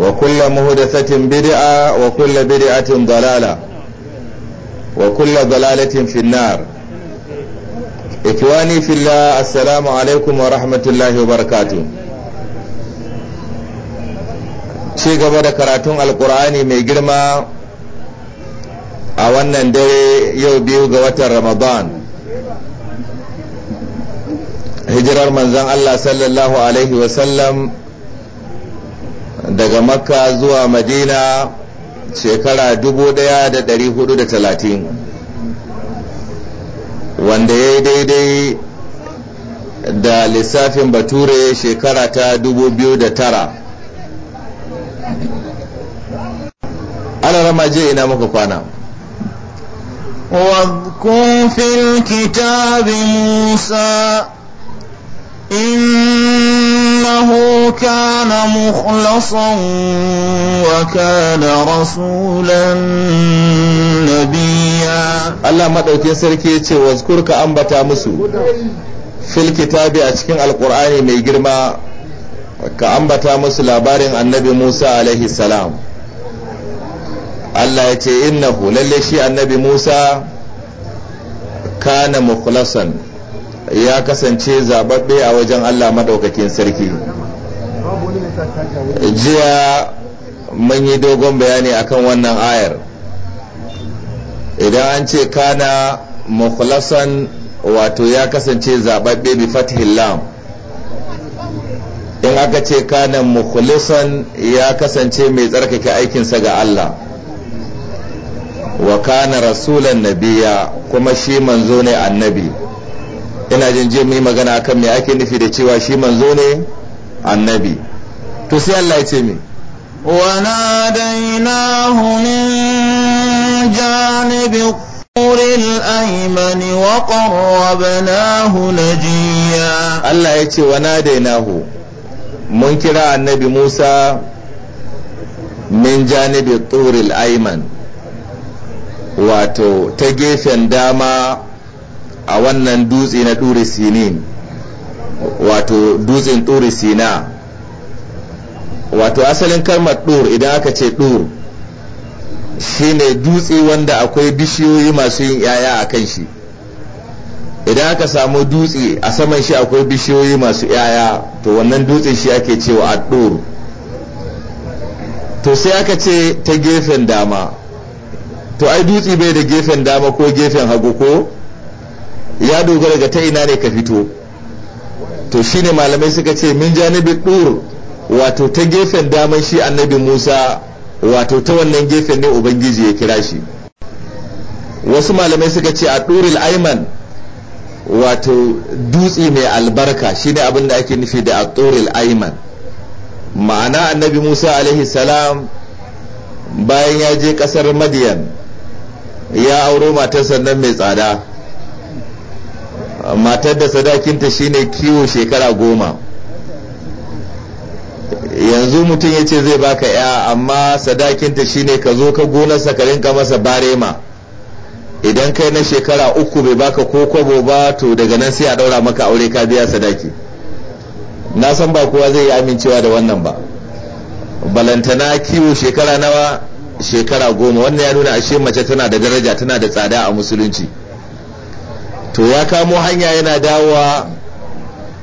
وكل مهدثة بدعة وكل بدعة ضلالة وكل ضلالة في النار إخواني في الله السلام عليكم ورحمة الله وبركاته ci gaba da karatun alkur'ani mai girma a wannan dare yau biyu ga watan ramadan hijirar manzon allah sallallahu alaihi wasallam daga makka zuwa madina shekara 1430 wanda ya yi daidai da lissafin bature shekara ta 2009 ana rama je ina muka kwana واذكر في الكتاب موسى إنه كان مخلصا وكان رسولا نبيا الله ما دوكي سركي يتي واذكرك أنبتا مسو في الكتاب أتكين القرآن ميجرما ka ambata musu labarin annabi Musa alaihi salam Allah ya ce innahu lalle shi annabi Musa kana mukhlasan ya kasance zababbe a wajen Allah madaukakin sarki jiya mun yi dogon bayani akan wannan ayar idan an ce kana mukhlasan wato ya kasance zababbe bi fathil lam in aka ce kana mukhlasan ya kasance mai tsarkake aikinsa ga Allah wa kana rasulan nabiya kuma shi manzo ne annabi ina jin jin mai magana akan me ake nufi da cewa shi manzo ne annabi to sai Allah ya ce mi wana daina hunin Kurin al’aimani wa qarrabnahu jiya. Allah ya ce, Wana dainahu, mun kira annabi Musa min janibi turil aiman wato ta gefen dama a wannan dutse na turi sinin, wato dutsen turi wato asalin kalmar dur idan aka ce dur shine dutse wanda akwai bishiyoyi masu yin yaya a kan shi idan aka samu dutse a saman shi akwai bishiyoyi masu yaya to wannan dutse shi ake cewa a dur to sai aka ce ta gefen dama to ai dutse bai da gefen dama ko gefen hagu ko ya dogara ga ta ina ne ka fito to shine malamai suka ce min janibin dur wato ta gefen daman shi annabi musa wato ta wannan gefen ne ubangiji ya kira shi wasu malamai suka ce a ɗurin aiman wato dutse mai albarka shine abin da ake nufi da a ɗurin aiman ma'ana annabi musa alaihi salam bayan ya je kasar madiyan ya auro matar sannan mai tsada matar da sadakinta shine kiwo shekara goma yanzu mutum ya ce zai baka ya amma sadakinta shine ka zo ka gonarsa ka rinka masa barema idan kai na shekara uku bai baka ko kwabo ba to daga nan sai a daura maka aure ka biya sadaki na san ba kowa zai yi amincewa da wannan ba balantana kiwo shekara nawa shekara goma wannan ya nuna ashe mace tana da daraja tana da tsada a musulunci to ya kamo hanya yana dawowa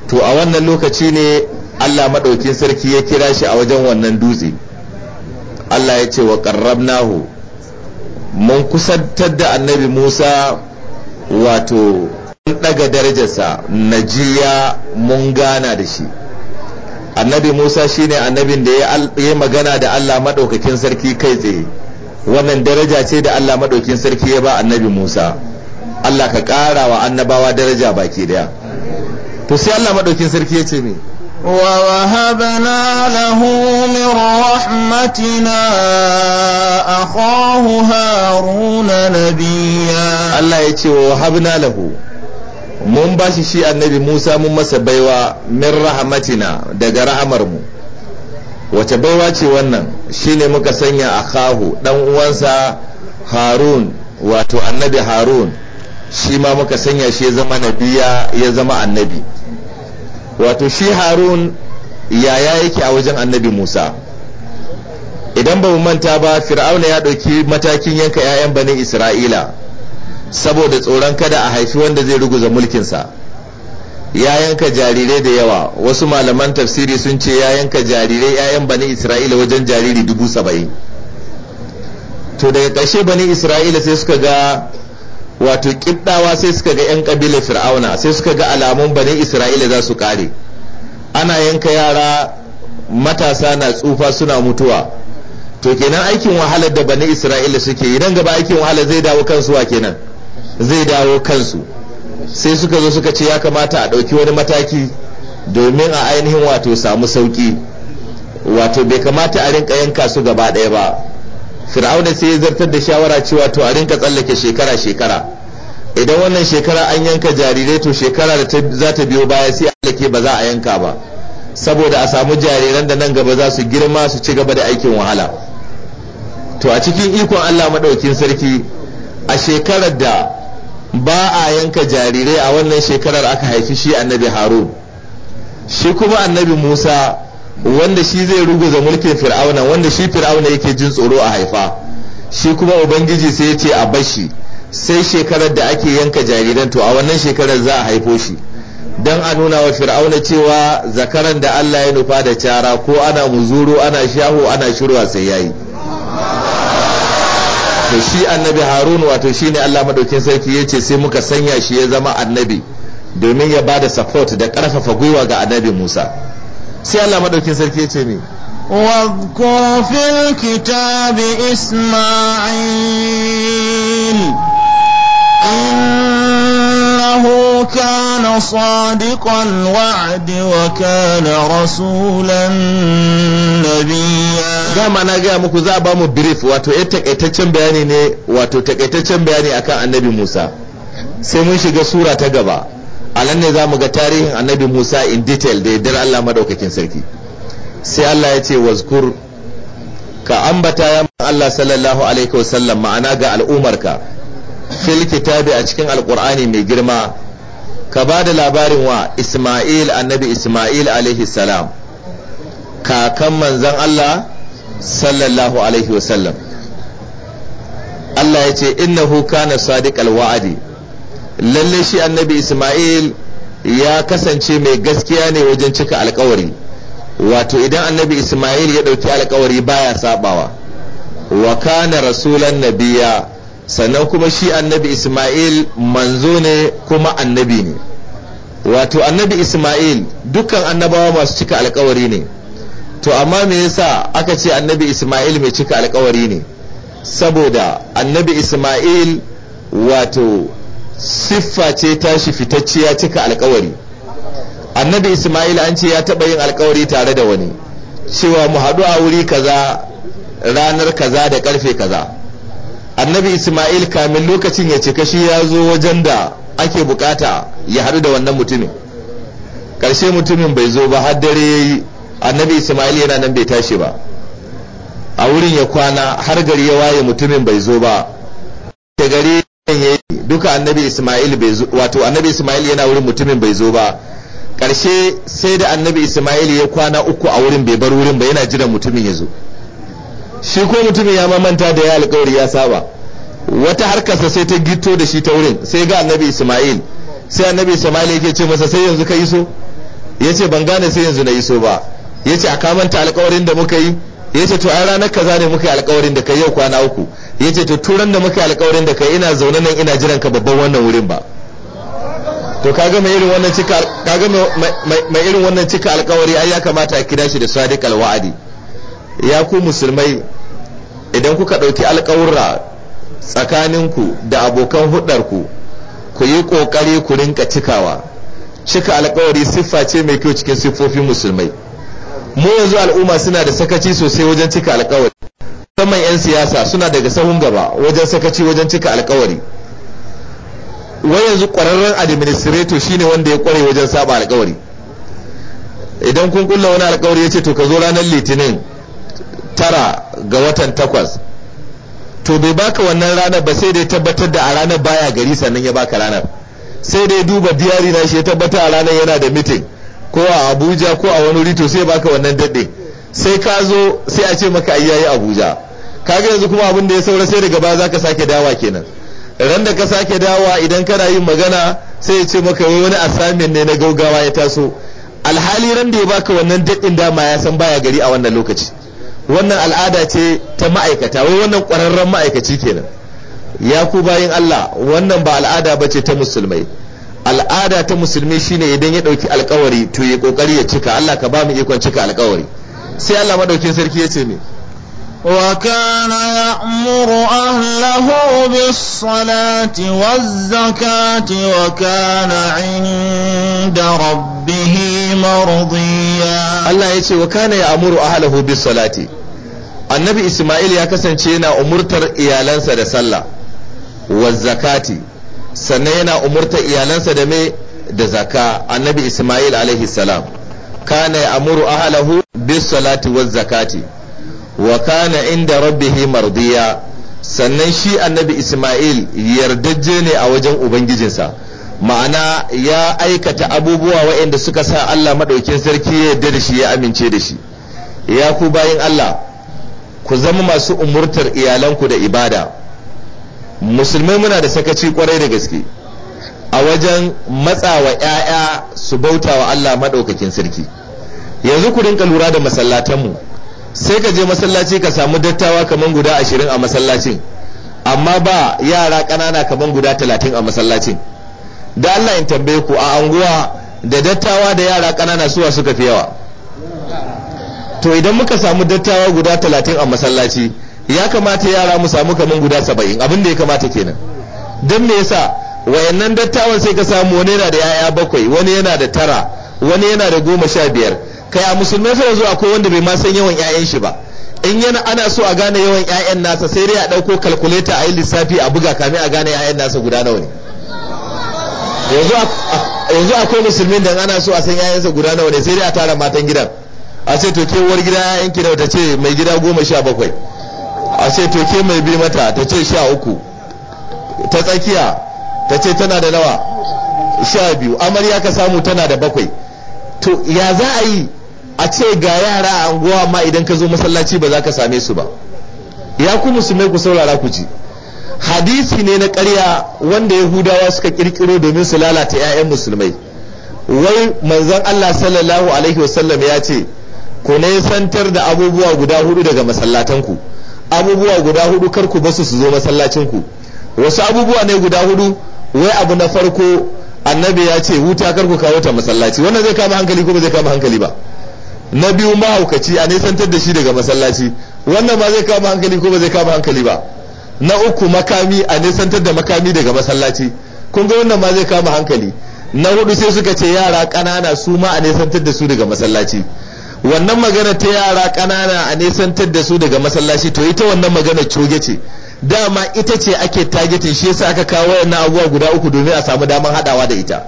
to a wannan lokaci ne Allah maɗaukin sarki ya kira shi a wajen wannan dutse Allah ya ce wa ƙarrabnahu mun kusantar da annabi Musa wato mun ɗaga darajarsa najiya mun gana da shi annabi Musa shine annabin da ya magana da Allah maɗaukakin sarki kai tsaye wannan daraja ce da Allah maɗaukin sarki ya ba annabi Musa Allah ka ƙara wa annabawa daraja baki daya to sai Allah maɗaukin sarki ya ce me ووهبنا له من رحمتنا أخاه هارون نبيا الله يتي ووهبنا له mun bashi shi shi annabi Musa mun masa baiwa min rahmatina daga rahamarmu wace baiwa ce wannan shine muka sanya a kahu dan uwansa harun wato annabi harun shi ma muka sanya shi ya zama nabiya ya zama annabi wato shi harun yaya yake a wajen annabi musa idan ba mu manta ba fir'auna ya ɗauki matakin yanka 'ya'yan banin isra'ila saboda tsoron kada a haifi wanda zai ruguza mulkinsa ya yanka jarirai da yawa wasu malaman tafsiri sun ce ya yanka jarirai 'ya'yan banin isra'ila wajen jariri dubu saba'in to daga ƙarshe banin isra'ila sai suka ga wato kiddawa sai suka ga 'yan kabilar fir'auna sai suka ga alamun bane isra'ila za su kare ana yanka yara matasa na tsufa suna mutuwa to kenan aikin wahala da bane isra'ila suke yi nan gaba aikin wahalar zai dawo kansu wa kenan zai dawo kansu sai suka zo suka ce ya kamata a ɗauki wani mataki domin a ainihin wato samu sauki wato bai kamata a rinka yanka su gaba ɗaya ba fir'auna sai ya zartar da shawara cewa to a rinka tsallake shekara shekara idan wannan shekara an yanka jarirai to shekara da za ta biyo baya sai a allake ba za a yanka ba saboda a samu jariran da nan gaba za su girma su ci gaba da aikin wahala to a cikin ikon Allah maɗaukin sarki a shekarar da ba a yanka jarirai a wannan shekarar aka haifi shi annabi harun shi kuma annabi musa wanda shi zai ruguza mulkin fir'auna wanda shi fir'auna yake jin tsoro a haifa shi kuma ubangiji sai ya ce a bashi sai shekarar da ake yanka jariran to a wannan shekarar za a haifo shi don a nuna wa fir'auna cewa zakaran da Allah ya nufa da cara ko ana muzuru ana shaho ana shirwa sai yayi to shi annabi harun wato shi ne Allah madaukin sarki ya ce sai muka sanya shi ya zama annabi domin ya bada support da karfafa gwiwa ga annabi Musa sai Allah madaukin sarki ce me واذكر في isma'il innahu kana sadiqan wa'di wa kana rasulan نبيا dama na gaya muku za a ba mu brief wato ya takaitaccen bayani ne wato takaitaccen bayani akan annabi Musa sai mun shiga sura ta gaba a nan ne za mu ga tarihin annabi musa in detail da yardar allah madaukakin sarki sai allah ya ce wazkur ka ambata ya allah sallallahu alaihi wasallam ma'ana ga al'umarka fil kitabi a cikin alkur'ani mai girma ka ba da labarin wa isma'il annabi isma'il alaihi salam kakan manzan allah sallallahu alaihi wasallam allah ya ce innahu kana sadiq al-wa'adi lalle shi annabi Ismail ya kasance mai gaskiya ne wajen cika alkawari wato idan annabi Ismail ya ɗauki alkawari baya sabawa wa kana rasulan nabiya sannan kuma shi annabi Ismail manzo ne kuma annabi ne wato annabi Ismail dukkan annabawa masu cika alkawari ne to amma me yasa aka ce annabi Ismail mai cika alkawari ne saboda annabi Ismail wato siffa ce tashi fitacciya cika alkawari annabi ismail an ce ya taɓa yin alkawari tare da wani cewa mu haɗu a wuri kaza ranar kaza da karfe kaza annabi ismail kamin lokacin ya cika shi ya zo wajen da ake bukata ya haɗu da wannan mutumin ƙarshe mutumin bai zo ba har dare ya yi annabi ismail yana nan bai tashi ba a wurin ya kwana har gari ya waye mutumin bai zo ba gari Eh, duka annabi Ismail bai zo wato annabi Ismail yana wurin mutumin bai zo ba karshe sai da annabi Ismail ya kwana uku a wurin bai bar wurin ba yana jiran mutumin ya zo shi ko mutumin ya mamanta da ya alƙawari ya saba wata harkarsa sai ta gito da shi ta wurin sai ga annabi Ismail sai annabi Ismail yake ce masa sai yanzu ka iso yace ban gane sai yanzu na iso ba yace a kamanta alƙawarin da muka yi ya ce to ai ranar kaza ne muka yi alkawarin da kai yau kwana uku ya ce to turan da muka yi alkawarin da kai ina zaune nan ina jiran ka babban wannan wurin ba to kaga mai irin wannan cika kaga mai irin wannan cika alkawari ai ya kamata a kira shi da sadiq alwa'adi ya ku musulmai idan kuka dauki alkawura tsakaninku da abokan hudarku ku yi kokari ku rinka cikawa cika alkawari siffa ce mai kyau cikin siffofin musulmai mu yanzu al'umma suna da sakaci sosai wajen cika alkawari musamman 'yan siyasa suna daga sahun gaba wajen sakaci wajen cika alkawari wai yanzu kwararren administrator shine wanda ya kware wajen saba alkawari idan kun kulla wani alkawari ce to ka zo ranar litinin tara ga watan takwas to bai baka wannan ranar ba sai dai tabbatar da a ranar baya gari sannan ya baka ranar sai dai duba diyari na shi ya tabbatar a ranar yana da mitin ko a abuja ko a wani wuri to sai baka wannan daɗe sai ka zo sai a ce maka ai yayi abuja kaga yanzu kuma abin da ya saura sai daga baya zaka sake dawa kenan ran da ka sake dawa idan kana yin magana sai ya ce maka wai wani assignment ne na gaugawa ya taso alhali ran da ya baka wannan daɗin dama ya san baya gari a wannan lokaci wannan al'ada ce ta ma'aikata wai wannan ƙwararren ma'aikaci kenan ya ku bayin Allah wannan ba al'ada ba ce ta musulmai al'ada ta musulmi shine idan ya dauki alkawari to ya kokari ya cika Allah ka ba mu ikon cika alkawari sai Allah madaukin sarki ya ce ne wa kana ya'muru ahlahu bis-salati waz-zakati wa kana 'inda rabbih mardiya Allah ya ce wa kana ya'muru ahlahu bis-salati annabi Isma'il ya kasance yana umurtar iyalansa da sallah waz-zakati sannan yana umurta iyalansa da me da zaka annabi ismail alaihi salam kana amuru ahlahu bis salati waz zakati wa kana inda rabbihi mardiya sannan shi annabi ismail yardajje ne a wajen ubangijinsa ma'ana ya aikata abubuwa waɗanda suka sa allah maɗaukin sarki ya yarda da shi ya amince da shi ya ku bayin allah ku zama masu umurtar iyalanku da ibada musulmai muna da sakaci kwarai da gaske a wajen matsawa 'ya'ya su bauta wa Allah maɗaukakin sarki yanzu ku rinka lura da masallatanmu sai ka je masallaci ka samu dattawa kaman guda ashirin a masallacin amma ba yara ƙanana kaman guda talatin a masallacin da Allah in tambaye ku a anguwa da dattawa da yara ƙanana suwa suka fi yawa to idan muka samu dattawa guda talatin a masallaci ya kamata yara mu samu kaman guda saba'in abinda ya kamata kenan don me yasa wayannan dattawan sai ka samu wani yana da yaya bakwai wani yana da tara wani yana da goma sha biyar kai a musulmai sai zuwa akwai wanda bai ma san yawan 'ya'yan shi ba in yana ana so a gane yawan 'ya'yan nasa sai dai a ɗauko kalkuleta a yi lissafi a buga kame a gane 'ya'yan nasa guda nawa ne yanzu akwai musulmin da ana so a san 'ya'yansa guda nawa ne sai dai a tara matan gidan a ce to kewar gida 'ya'yan ki nawa ta ce mai gida goma sha bakwai a ce to ke mai bi mata ta ce sha uku ta tsakiya ta ce tana da nawa sha biyu amarya ka samu tana da bakwai to ya za a yi a ce ga yara a anguwa ma idan ka zo masallaci ba za ka same su ba ya ku musulmai ku saurara ku ji hadisi ne na karya wanda yahudawa suka kirkiro domin su lalata 'ya'yan musulmai wai manzon allah sallallahu alaihi wasallam ya ce ku ne santar da abubuwa guda hudu daga masallatanku ku abubuwa guda hudu kar ku basu su zo masallacinku wasu abubuwa ne guda hudu wai abu na farko annabi ya ce wuta kar ku kawo ta masallaci wannan zai kama hankali ko ba zai kama hankali ba na biyu mahaukaci a nisantar da shi daga masallaci wannan ma zai kama hankali ko ba zai kama hankali ba na uku makami a nisantar da makami daga masallaci kun ga wannan ma zai kama hankali na hudu sai suka ce yara ƙanana su ma a nisantar da su daga masallaci wannan magana ta yara ƙanana a nesantar da su daga masallaci to ita wannan magana coge ce dama ita ce ake tagetin shi yasa aka kawo wayannan abubuwa guda uku domin a samu damar hadawa da ita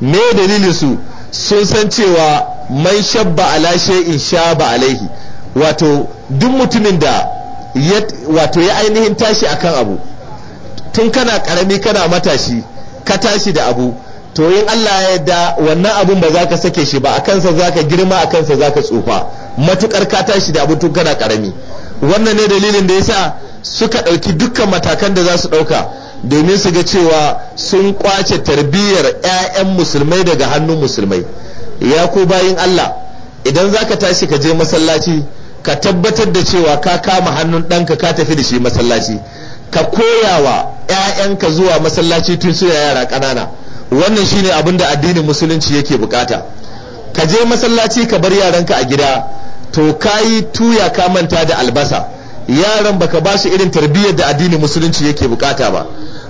me dalilin su sun san cewa man shabba ala shay'in shaba alaihi wato duk mutumin da wato ya ainihin tashi akan abu tun kana karami kana matashi ka tashi da abu to in Allah ya yarda wannan abun ba za ka sake shi ba a kansa za ka girma a kansa za ka tsufa matukar ka tashi da abu tun kana karami wannan ne dalilin da yasa suka ɗauki dukkan matakan da za su ɗauka domin su ga cewa sun kwace tarbiyyar 'ya'yan musulmai daga hannun musulmai ya ku bayin Allah idan za ka tashi ka je masallaci ka tabbatar da cewa ka kama hannun ɗanka ka tafi da shi masallaci ka koyawa 'ya'yanka zuwa masallaci tun suna yara ƙanana wannan shine abin da addinin musulunci yake bukata ka je masallaci ka bar yaran ka a gida to kayi tuya ka manta da albasa yaran baka ba shi irin tarbiyyar da addinin musulunci yake bukata ba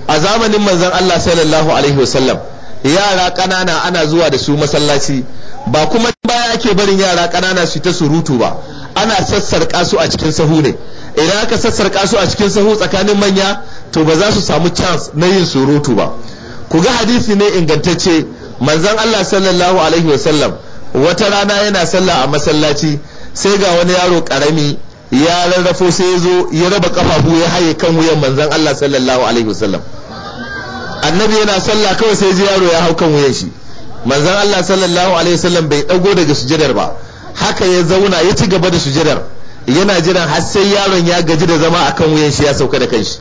a zamanin manzon Allah sallallahu alaihi wasallam yara kanana ana zuwa da su masallaci ba kuma baya ake barin yara kanana su ta surutu ba ana sassarƙa su a cikin sahu ne idan aka sassarƙa su a cikin sahu tsakanin manya to ba za su samu chance na yin surutu ba ku ga hadisi ne ingantacce manzon Allah sallallahu alaihi wasallam wata rana yana sallah a masallaci sai ga wani yaro karami ya rarrafo sai ya zo ya raba kafafu ya haye kan wuyan manzon Allah sallallahu alaihi wasallam annabi yana sallah kawai sai ji yaro ya hau kan wuyan shi manzon Allah sallallahu alaihi wasallam bai dago daga sujadar ba haka ya zauna ya ci gaba da sujadar yana jiran har sai yaron ya gaji da zama akan wuyan shi ya sauka da kanshi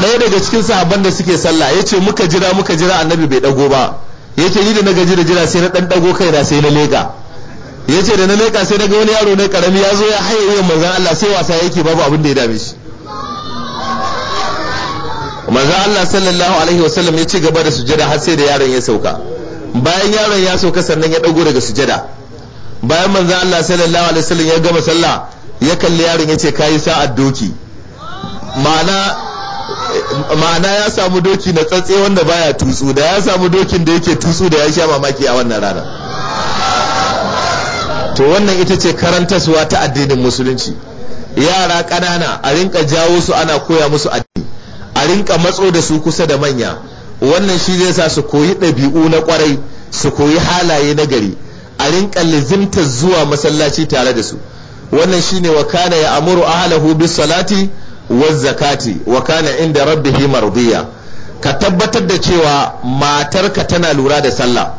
ɗaya daga cikin sahabban da suke sallah ya ce muka jira muka jira annabi bai ɗago ba ya ce ni da na gaji da jira sai na ɗan ɗago da sai na leƙa ya ce da na leƙa sai na ga wani yaro ne ƙarami ya zo ya haye wuyan manzan Allah sai wasa yake babu abin da ya dame shi manzan Allah sallallahu alaihi wa sallam ya ci gaba da sujada har sai da yaron ya sauka bayan yaron ya sauka sannan ya ɗago daga sujada bayan manzan Allah sallallahu alaihi wa sallam ya gama sallah ya kalli yaron ya ce kayi sa'ar doki ma'ana ma'ana ya samu doki na tsatse wanda baya tutsu da ya samu dokin da yake tutsu da ya sha mamaki a wannan rana to wannan ita ce karantaswa ta addinin musulunci yara ƙanana a rinka jawo su ana koya musu addini a rinka matso da su kusa da manya wannan shi zai sa su koyi ɗabi'u na ƙwarai su koyi halaye na gari a rinka lizimta zuwa masallaci tare da su wannan shine wa kana ya amuru ahlahu bis salati wazzakati wa kana inda rabbihi mardiya ka tabbatar da cewa matarka tana lura da sallah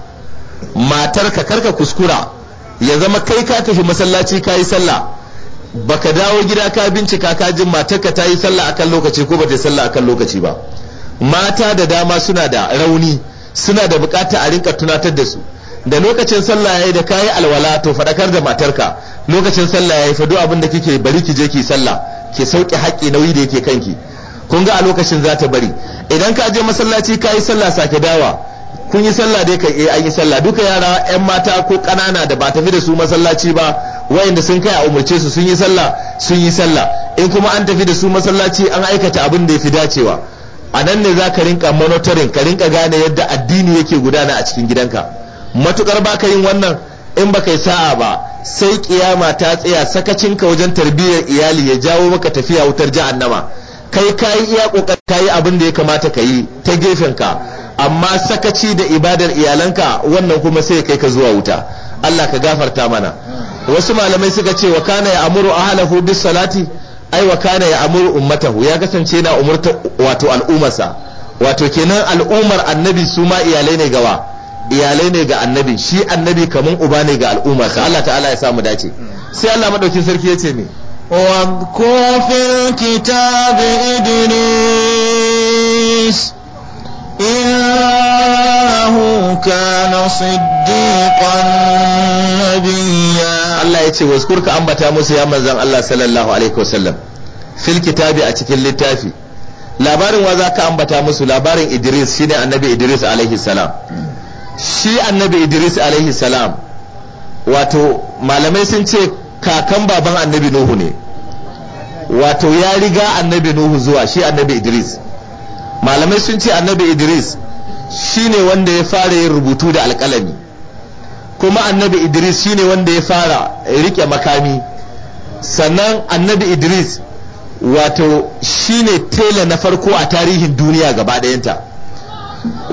matarka karka kuskura ya zama kai ka tafi masallaci ka yi sallah baka dawo gida ka bincika ka jin matarka ta yi sallah akan lokaci ko bata yi sallah akan lokaci ba mata da dama suna da rauni suna da bukata a rinka tunatar da su da lokacin sallah yayi da kayi alwala to fadakar da matarka lokacin sallah yayi fa duk abin da kike bari ki je ki sallah Ke sauke haƙƙi nauyi da yake kanki kun ga a lokacin za ta bari idan ka je masallaci ka yi sallah sake dawa kun yi sallah dai kai eh, an yi sallah duka yara yan mata ko ƙanana da ba tafi da su masallaci ba wayanda sun kai a umarce su sun yi sallah sun yi sallah in kuma an tafi da su masallaci an aikata abin da ya fi dacewa a nan ne za ka rinka monitoring ka rinka gane yadda addini yake gudana a cikin gidanka matukar ba ka yin wannan in baka yi sa'a ba sai kiyama ta tsaya sakacinka wajen tarbiyyar iyali ya jawo maka tafiya wutar jahannama kai kayi iya kokari kayi abin da ya kamata ka yi ta ka amma sakaci da ibadar iyalanka wannan kuma sai kai ka zuwa wuta Allah ka gafarta mana wasu malamai suka ce wa kana ya amuru ahlahu bis salati ai wa kana ya amuru ummatahu ya kasance yana umurta wato al'ummarsa wato kenan al'ummar annabi su ma iyalai ne gawa iyalai ne ga annabi shi annabi kamar uba ne ga al'umma al'ummarsa Allah ta'ala ya samu dace sai Allah madaukin sarki ya ce ne wa kofin kitabin idris innahu kana siddiqan nabiyya Allah yace ce wazkur ka ambata musu ya manzon Allah sallallahu alaihi wasallam fil kitabi a cikin littafi labarin wa za ka ambata musu labarin idris shine annabi idris alaihi salam mm. shi annabi idris alaihi salam wato malamai sun ce kakan baban annabi nuhu ne wato ya riga annabi nuhu zuwa shi annabi idris malamai sun ce annabi idris shine wanda ya fara yin rubutu da alkalami kuma annabi idris shine wanda ya fara rike makami sannan annabi idris wato shine tela na farko a tarihin duniya gaba ɗayanta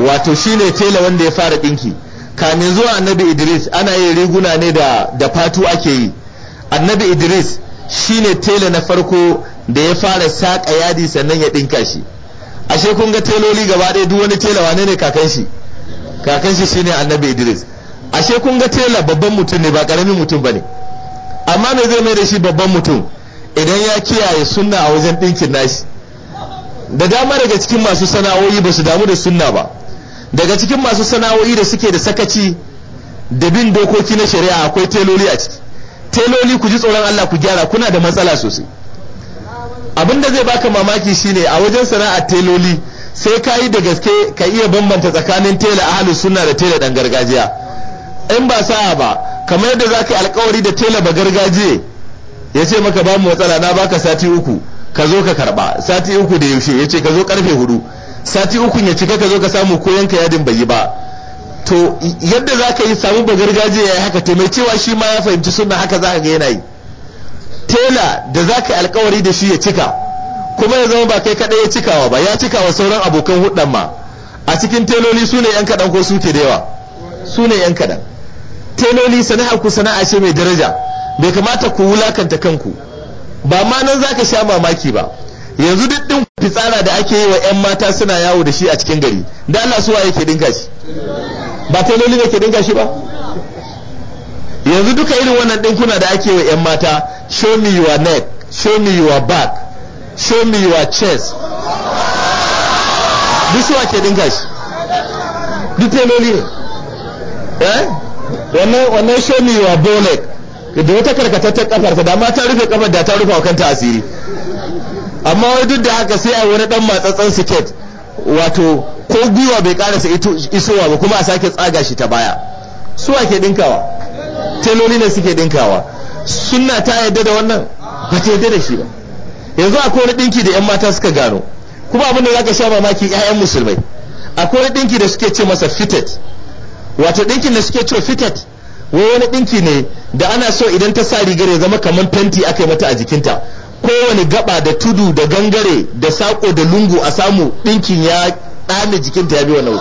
wato shine tela wanda ya fara ɗinki kamin zuwa annabi idris ana yin riguna ne da da fatu ake yi annabi idris shine tela na farko da ya fara saƙa yadi sannan ya ɗinka shi ashe kun ga teloli gaba ɗaya duk wani tela wane ne kakan shi shi shine annabi idris ashe kun ga tela babban mutum ne ba karamin mutum bane amma me zai mai da shi babban mutum idan ya kiyaye sunna a wajen ɗinkin nashi da dama daga cikin masu sana'o'i ba su damu da sunna ba daga cikin masu sana'o'i da suke da sakaci da bin dokoki na shari'a akwai teloli a ciki teloli ku ji tsoron Allah ku gyara kuna da matsala sosai abin da zai baka mamaki shine a wajen sana'ar teloli sai ka yi da gaske ka iya bambanta tsakanin tela ahalus sunna da tela dan gargajiya in ba sa'a ba kamar yadda za ka yi alkawari da tela ba gargajiya ya ce maka ba mu matsala na baka sati uku ka zo ka karba sati uku da yaushe yace ce ka zo karfe hudu sati uku ya cika ka zo ka samu koyon ka yadin bai yi ba to yadda za ka yi samu gargajiya ya yi haka to mai cewa shi ma ya fahimci suna haka za ka ga yana yi tela da za ka yi alkawari da shi ya cika kuma ya zama ba kai kaɗai ya cikawa ba ya cikawa sauran abokan hudan ma a cikin teloli su ne yan kaɗan ko su ke da yawa su ne yan kaɗan teloli sana'a ku sana'a ce mai daraja bai kamata ku wulakanta kanku ba ma nan za ka sha mamaki ba yanzu duk din fitsara da ake yi wa yan mata suna yawo da shi a cikin gari da Allah suwa yake dinka shi ba tailoli ne ke dinka shi ba yanzu duka irin wannan dinkuna da ake wa yan mata show me your neck show me your back show me your chest duk suwa ke dinka shi duk tailoli ne eh wannan wannan show me your bonnet da wata karkatattar kafarsa da ma ta rufe kafar da ta rufa kanta asiri amma wai duk da haka sai a wani dan matsatsan siket wato ko gwiwa bai karasa isowa ba kuma a sake tsaga shi ta baya su ke dinkawa teloli ne suke dinkawa suna ta yadda da wannan ba ta yadda da shi ba yanzu akwai wani dinki da yan mata suka gano kuma abin da ka sha mamaki ƴaƴan musulmai akwai wani dinki da suke ce masa fitted wato dinkin da suke ce fitted wai wani dinki ne da ana so idan ta sa rigar ya zama kamar fenti aka yi mata a jikinta kowane gaba da tudu da gangare da sako da lungu a samu dinkin ya ɗame jikinta ya bi wani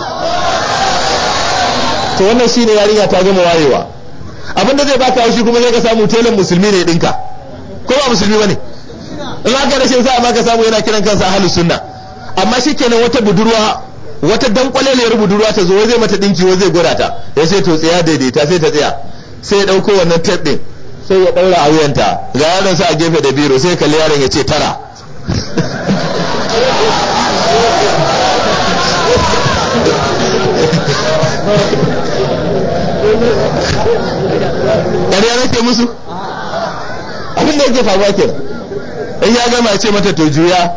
to wannan shine yarinya ta gama wayewa abin da zai baka haushi kuma zai ka samu telan musulmi ne dinka ko ba musulmi bane in haka rashin sa ma ka samu yana kiran kansa ahlus sunna amma shikenan wata budurwa wata dankwale ne rubutu ruwa ta zo zai mata dinki wai zai gura ta ya sai to tsaya daidaita sai ta tsaya sai ya dauko wannan tape din sai ya daura a wuyanta ga yaron sa a gefe da biro sai kalli yaron ya ce tara ƙarya nake musu abin da yake faruwa ke in ya gama ce mata to juya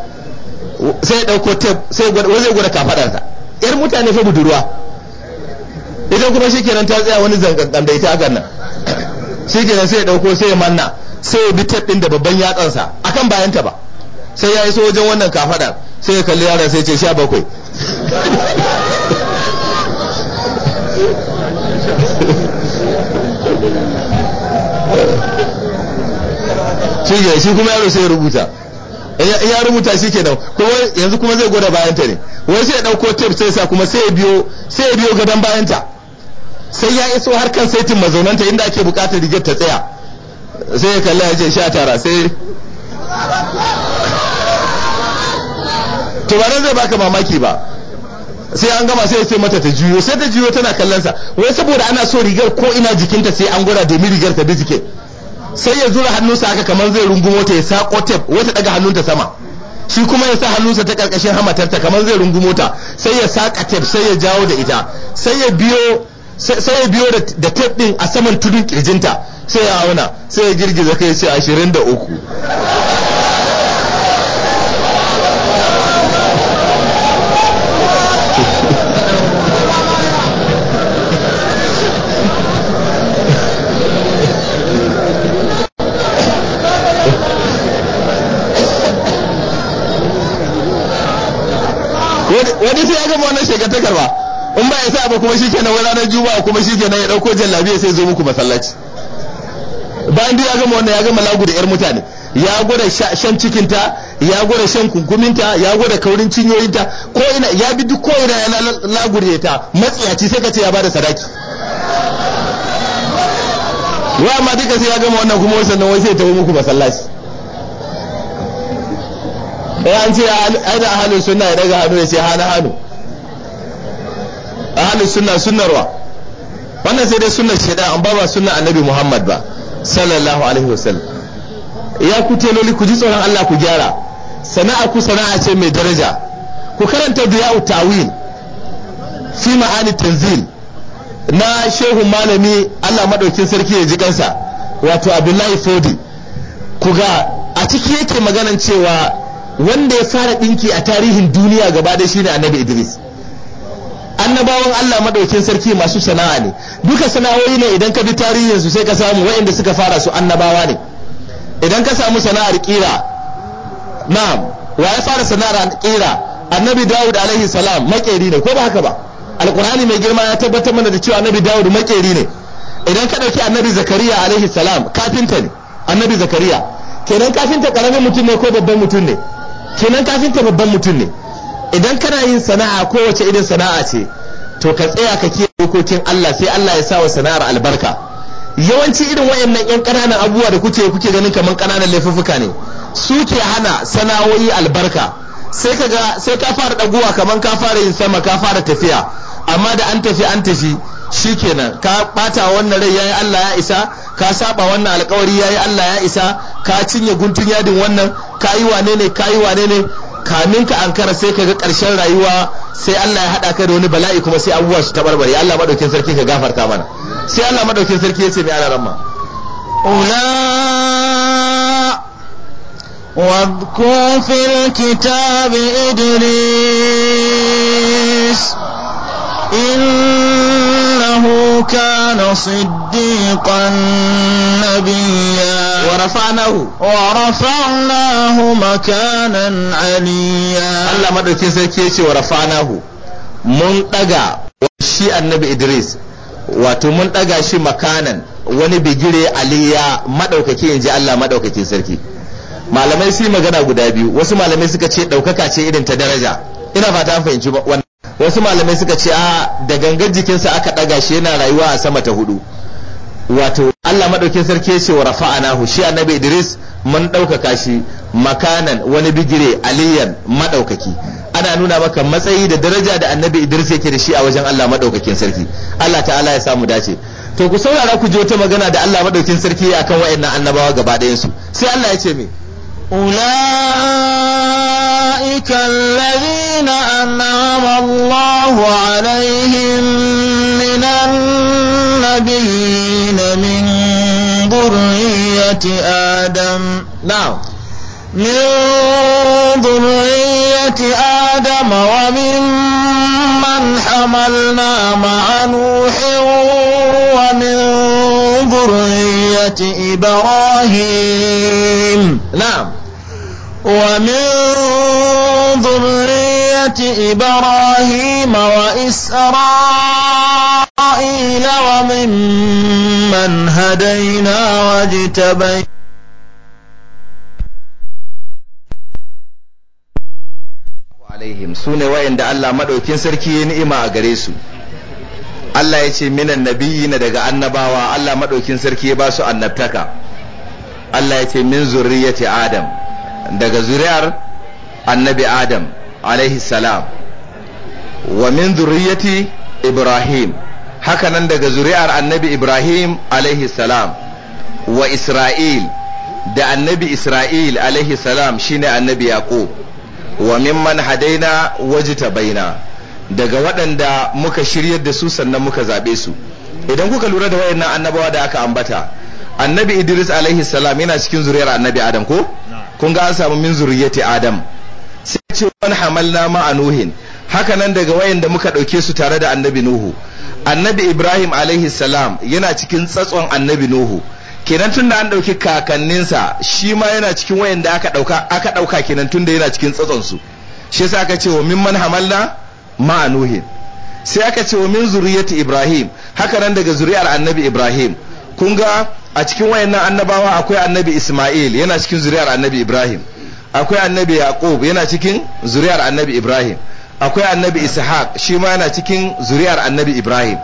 sai ya ɗauko tep sai gwada gwada kafaɗarta yar mutane fa budurwa idan kuma shi kenan ta tsaya wani zangangan da ita agan nan shi kenan sai ya dauko sai ya manna sai ya bi tab din da babban yatsansa akan bayanta ba sai ya iso wajen wannan kafadar sai ya kalli yaran sai ya ce sha bakwai shi kuma yaro sai ya rubuta ya rubuta shi ke kuma yanzu kuma zai gwada bayanta ne wai sai ya dauko tape sai sa kuma sai ya biyo sai ya biyo dan bayanta sai ya iso har kan saitin mazaunanta inda ake bukatar rigar ta tsaya sai ya kalla ya ce sha tara sai to ba zai baka mamaki ba sai an gama sai ya ce mata ta juyo sai ta juyo tana kallon sa wai saboda ana so rigar ko ina jikinta sai an gwada domin rigar ta bi jikin sai ya zura hannunsa haka kamar zai rungumo ta ya sako tep wata daga hannunta sama shi kuma ya sa hannunsa ta karkashin hamatarta kamar zai rungumo ta sai ya saka tep sai ya jawo da ita sai ya biyo sai ya biyo da tep din a saman tudun kirjinta sai ya auna sai ya girgiza kai sai ashirin da uku wani sai ya gama wannan ta karba in ba ya sa ba kuma shi kenan wani ranar juma'a kuma shi kenan ya ɗauko jallabiya sai zo muku masallaci bayan duk ya gama wannan ya gama lagu da 'yar mutane ya gwada shan cikinta ya gwada shan kunkuminta ya gwada kaurin ta ko ina ya bi duk ko ina ya da ta matsiyaci sai ka ce ya bada sadaki wa amma duka sai ya gama wannan kuma wasan nan wai sai ta muku masallaci ya eh, an ce ana ahalin suna ya daga hannu ya ce hana hannu ahalin suna sunarwa wannan sai dai sunar shaida an ba ba sunar annabi muhammad ba sallallahu alaihi wasallam ya ku teloli ku ji tsoron allah ku gyara sana'a ku sana'a ce mai daraja ku karanta duya'u tawil fi ma'ani tanzil na shehu malami allah maɗaukin sarki ya ji kansa wato abdullahi fodi ku ga a ciki yake maganan cewa wanda ya fara dinki a tarihin duniya gaba da shine annabi idris annabawan Allah madaukin sarki masu sana'a ne duka sana'o'i ne idan ka bi tarihin su sai ka samu waɗanda suka fara su annabawa ne idan ka samu sana'ar kira na'am wa ya fara sana'ar kira annabi dawud alaihi salam makeri ne ko ba haka ba alkurani mai girma ya tabbatar mana da cewa annabi dawud makeri ne idan ka dauki annabi zakariya alaihi salam kafinta ne annabi zakariya kenan kafinta karamin mutum ne ko babban mutum ne kenan kafinta babban mutum ne idan kana yin sana'a kowace irin sana'a ce to ka tsaya ka kiyaye dokokin Allah sai Allah ya sa wa sana'ar albarka yawanci irin wayannan yan ƙananan abubuwa da kuke kuke ganin kamar ƙananan laifuffuka ne su ke hana sana'o'i albarka sai ka ga sai ka fara dagowa kamar ka fara yin sama ka fara tafiya amma da an tafi an tafi shikenan ka bata wannan rai yayi Allah ya isa ka saba wannan alkawari ya yi Allah ya isa ka cinye guntun yadin wannan ka yi wane ne ka yi wane ne kamin ka ankara sai ka ga ƙarshen rayuwa sai Allah ya haɗa ka da wani bala'i kuma sai abubuwa su tabarbare Allah madaukin sarki ka gafarta mana sai Allah madaukin sarki ya ce mai ala ramma ula واذكر في الكتاب كان صديقا نبيا ورفعناه ورفعناه مكانا عليا الله ما دوكي سركي يشي ورفعناه من دغا شي النبي ادريس wato mun daga shi makanan wani bigire aliya madaukaki inji Allah madaukakin sarki malamai su magana guda biyu wasu malamai suka ce ɗaukaka ce irin ta daraja ina fata fahimci wannan wasu malamai suka ce a ah, da gangan jikinsa aka ɗaga shi yana rayuwa a sama ta hudu wato Allah maɗaukin sarki ce wa rafa'anahu shi annabi Idris mun ɗaukaka shi makanan wani bigire aliyan maɗaukaki ana nuna maka matsayi da daraja da annabi Idris yake da shi a wajen Allah maɗaukakin sarki Allah ta'ala ya samu dace to ku saurara ku je wata magana da Allah maɗaukin sarki akan wa'annan annabawa gaba ɗayan su sai Allah ya ce me أولئك الذين أنعم الله عليهم من النبيين من ذرية آدم نعم من ذرية آدم ومن من حملنا مع نوح ومن ذرية إبراهيم نعم ومن ذرية إبراهيم وإسرائيل وممن هدينا واجتبينا alaihim su ne wayanda Allah maɗaukin sarki ya ni'ima a gare su Allah ya ce minan nabiyyi na daga annabawa Allah maɗaukin sarki ya ba su annabtaka Allah ya ce min zurriyati adam daga zuriyar annabi adam alaihi salam wa min zuriyati ibrahim hakanan daga zuriyar annabi ibrahim alaihi salam wa isra'il da annabi isra'il alaihi salam shine annabi yaqub wa mimman hadaina wajita baina daga waɗanda muka shiryar da su sannan muka zaɓe su idan kuka lura da wayannan annabawa da aka ambata annabi idris alaihi salam yana cikin zuriyar annabi adam ko kun ga an samu min zuriyati adam sai ce wani hamalna ma a nuhin haka nan daga da muka ɗauke su tare da annabi nuhu annabi ibrahim alaihi salam yana cikin tsatson annabi nuhu kenan tunda an ɗauki kakanninsa shi ma yana cikin da aka ɗauka aka ɗauka kenan tunda yana cikin tsatson su shi yasa aka ce wa man hamalna ma a nuhin sai aka ce wa min zuriyati ibrahim haka nan daga zuriyar annabi ibrahim kun ga a cikin wayannan annabawa akwai annabi Ismail yana cikin zuriyar annabi Ibrahim akwai annabi Yaqub yana cikin zuriyar annabi Ibrahim akwai annabi Ishaq shi ma yana cikin zuriyar annabi Ibrahim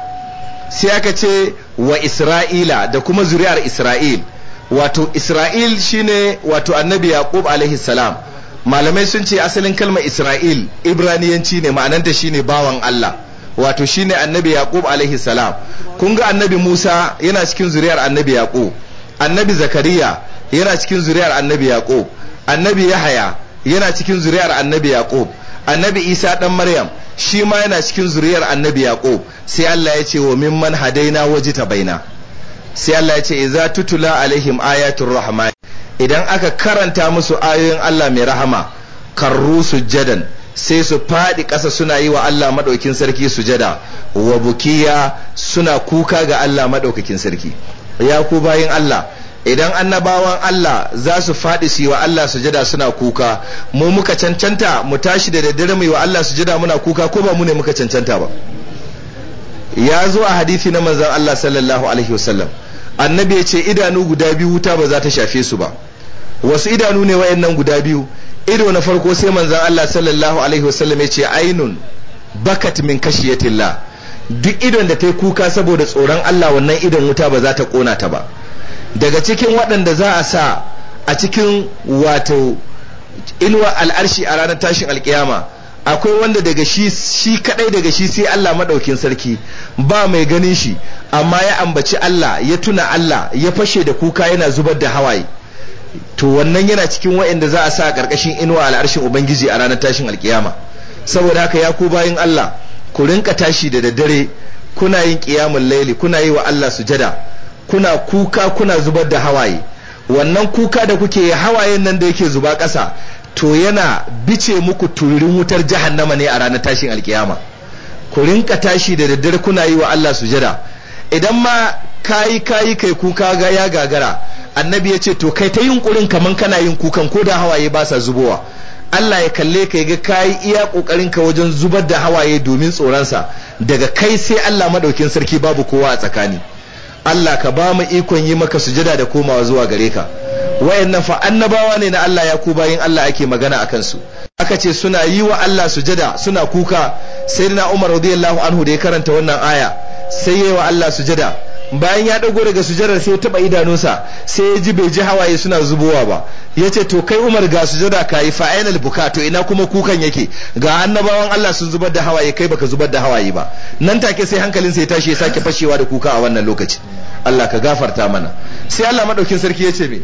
sai aka ce wa Isra'ila da kuma zuriyar Isra'il wato Isra'il shine wato annabi Yaqub alaihi salam malamai sun ce asalin kalmar Isra'il Ibraniyanci ne ma'ananta shine bawan Allah wato shine annabi yaqub alaihi salam kun ga annabi musa yana cikin zuriyar annabi yaqub annabi zakariya yana cikin zuriyar annabi yaqub annabi yahaya yana cikin zuriyar annabi yaqub annabi isa dan maryam shi ma yana cikin zuriyar annabi yaqub sai Allah ya ce wa mimman hadaina ta baina sai Allah ya ce idza tutula alaihim ayatul rahman idan aka karanta musu ayoyin Allah mai rahama karru sujjadan sai su faɗi ƙasa suna yi wa Allah maɗaukin sarki sujada wa bukiya suna kuka ga Allah maɗaukakin sarki ya ku bayin Allah idan annabawan Allah za su faɗi su yi wa Allah sujada suna kuka mu muka cancanta mu tashi da daddare mu yi wa Allah sujada muna kuka ko ba mu ne muka cancanta ba ya zo a hadisi na manzan Allah sallallahu alaihi wasallam annabi ya ce idanu guda biyu wuta ba za ta shafe su ba wasu idanu ne wayannan guda biyu ido na farko sai manzan Allah sallallahu alaihi wasallam ya ce ainun bakat min ya kashiyatillah duk idon da ta yi kuka saboda tsoron Allah wannan idon wuta ba za ta kona ta ba daga cikin waɗanda za a sa a cikin wato inuwa al'arshi a ranar tashin alkiyama akwai wanda daga shi kadai daga shi sai Allah maɗaukin sarki ba mai ganin shi amma ya ambaci Allah ya tuna Allah ya fashe da kuka yana zubar da hawaye to wannan yana cikin waɗanda za a sa a ƙarƙashin inuwa al'arshin ubangiji a ranar tashin alkiyama saboda haka ya ku bayin Allah ku rinka tashi da daddare kuna yin ƙiyamun laili kuna yi wa Allah sujada kuna kuka kuna zubar da hawaye wannan kuka da kuke yi hawayen nan da yake zuba ƙasa to yana bice muku tururin wutar jahannama ne a ranar tashin alkiyama ku rinka tashi da daddare kuna yi wa Allah sujada idan ma kayi kayi kai kuka ga ya gagara annabi ya ce to kai ta yunkurin kaman kana yin kukan ko da hawaye ba sa zubowa Allah ya kalle ka ya ga kayi iya kokarin ka wajen zubar da hawaye domin tsoronsa daga kai sai Allah maɗaukin sarki babu kowa a tsakani Allah ka ba mu ikon yi maka sujada da komawa zuwa gare ka wayannan fa annabawa ne na Allah ya ku bayin Allah ake magana akan su aka ce suna yi wa Allah sujada suna kuka sayyidina Umar radiyallahu anhu da ya karanta wannan aya sai yayi wa Allah sujada bayan ya dago daga sujadar sai ya taba idanunsa sai ya ji bai ji hawaye suna zubowa ba yace to kai Umar ga sujada kai fa ainal buka to ina kuma kukan yake ga annabawan Allah sun zubar da hawaye kai baka zubar da hawaye ba nan take sai hankalinsa ya tashi ya sake fashewa da kuka a wannan lokaci Allah ka gafarta mana sai Allah madaukin sarki yace me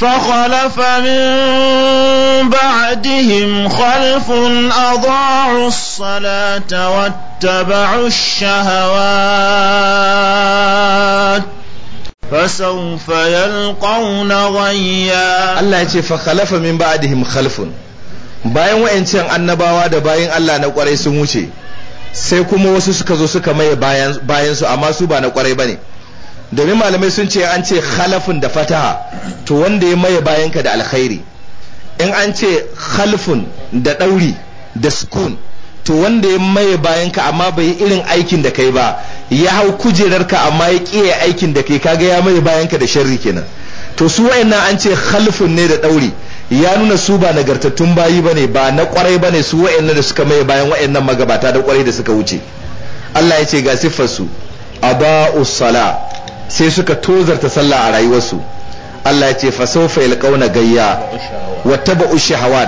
فخلف من بعدهم خلف أضاعوا الصلاة واتبعوا الشهوات فسوف يلقون غيا الله يتي فخلف من بعدهم خلف bayan wa'ancan annabawa da bayan Allah na kwarai sun wuce sai kuma wasu suka zo suka maye bayan su amma su ba na kwarai bane ne domin malamai sun ce an ce khalafun da fataha to wanda ya maye bayanka da alkhairi in an ce khalfun da dauri da sukun to wanda ya maye bayanka amma bai yi irin aikin da kai ba ya hau kujerarka amma ya ƙiya aikin da kai kaga ya maye bayanka da sharri kenan to su wayannan an ce khalfun ne da dauri ya nuna su ba nagartattun bayi ne ba na kwarai ba ne su wayannan da suka maye bayan wayannan magabata da kwarai da suka wuce Allah ya ce ga siffarsu a aba'us sala sai suka tozarta sallah a rayuwarsu Allah ya ce fa sawfa kauna gayya wa tabu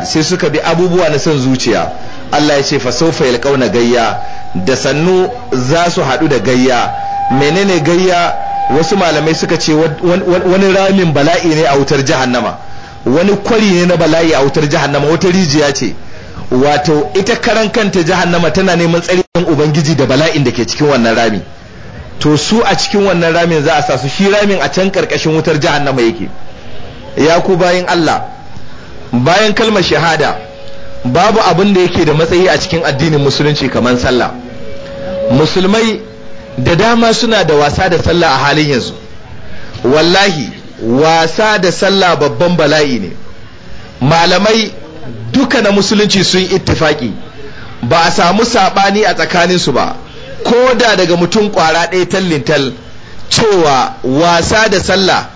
sai suka bi abubuwa na son zuciya Allah ya ce fa sawfa yalqauna gayya da sannu za su haɗu da gayya menene gayya wasu malamai suka ce wani ramin bala'i ne a wutar jahannama wani kwari ne na bala'i a wutar jahannama wata rijiya ce wato ita karan kanta jahannama tana neman tsarin ubangiji da bala'in da ke cikin wannan rami to su a cikin wannan ramin za a sa su shi ramin a can karkashin wutar jahannama yake ya ku bayan Allah bayan kalmar shahada babu abin da yake da matsayi a cikin addinin musulunci kamar sallah musulmai da dama suna da wasa da sallah a halin yanzu wallahi wasa da sallah babban bala'i ne malamai duka na musulunci sun ittifaki ba a samu sabani a tsakaninsu ba ko da daga mutum ƙwara ɗaya tallintal cewa wasa da sallah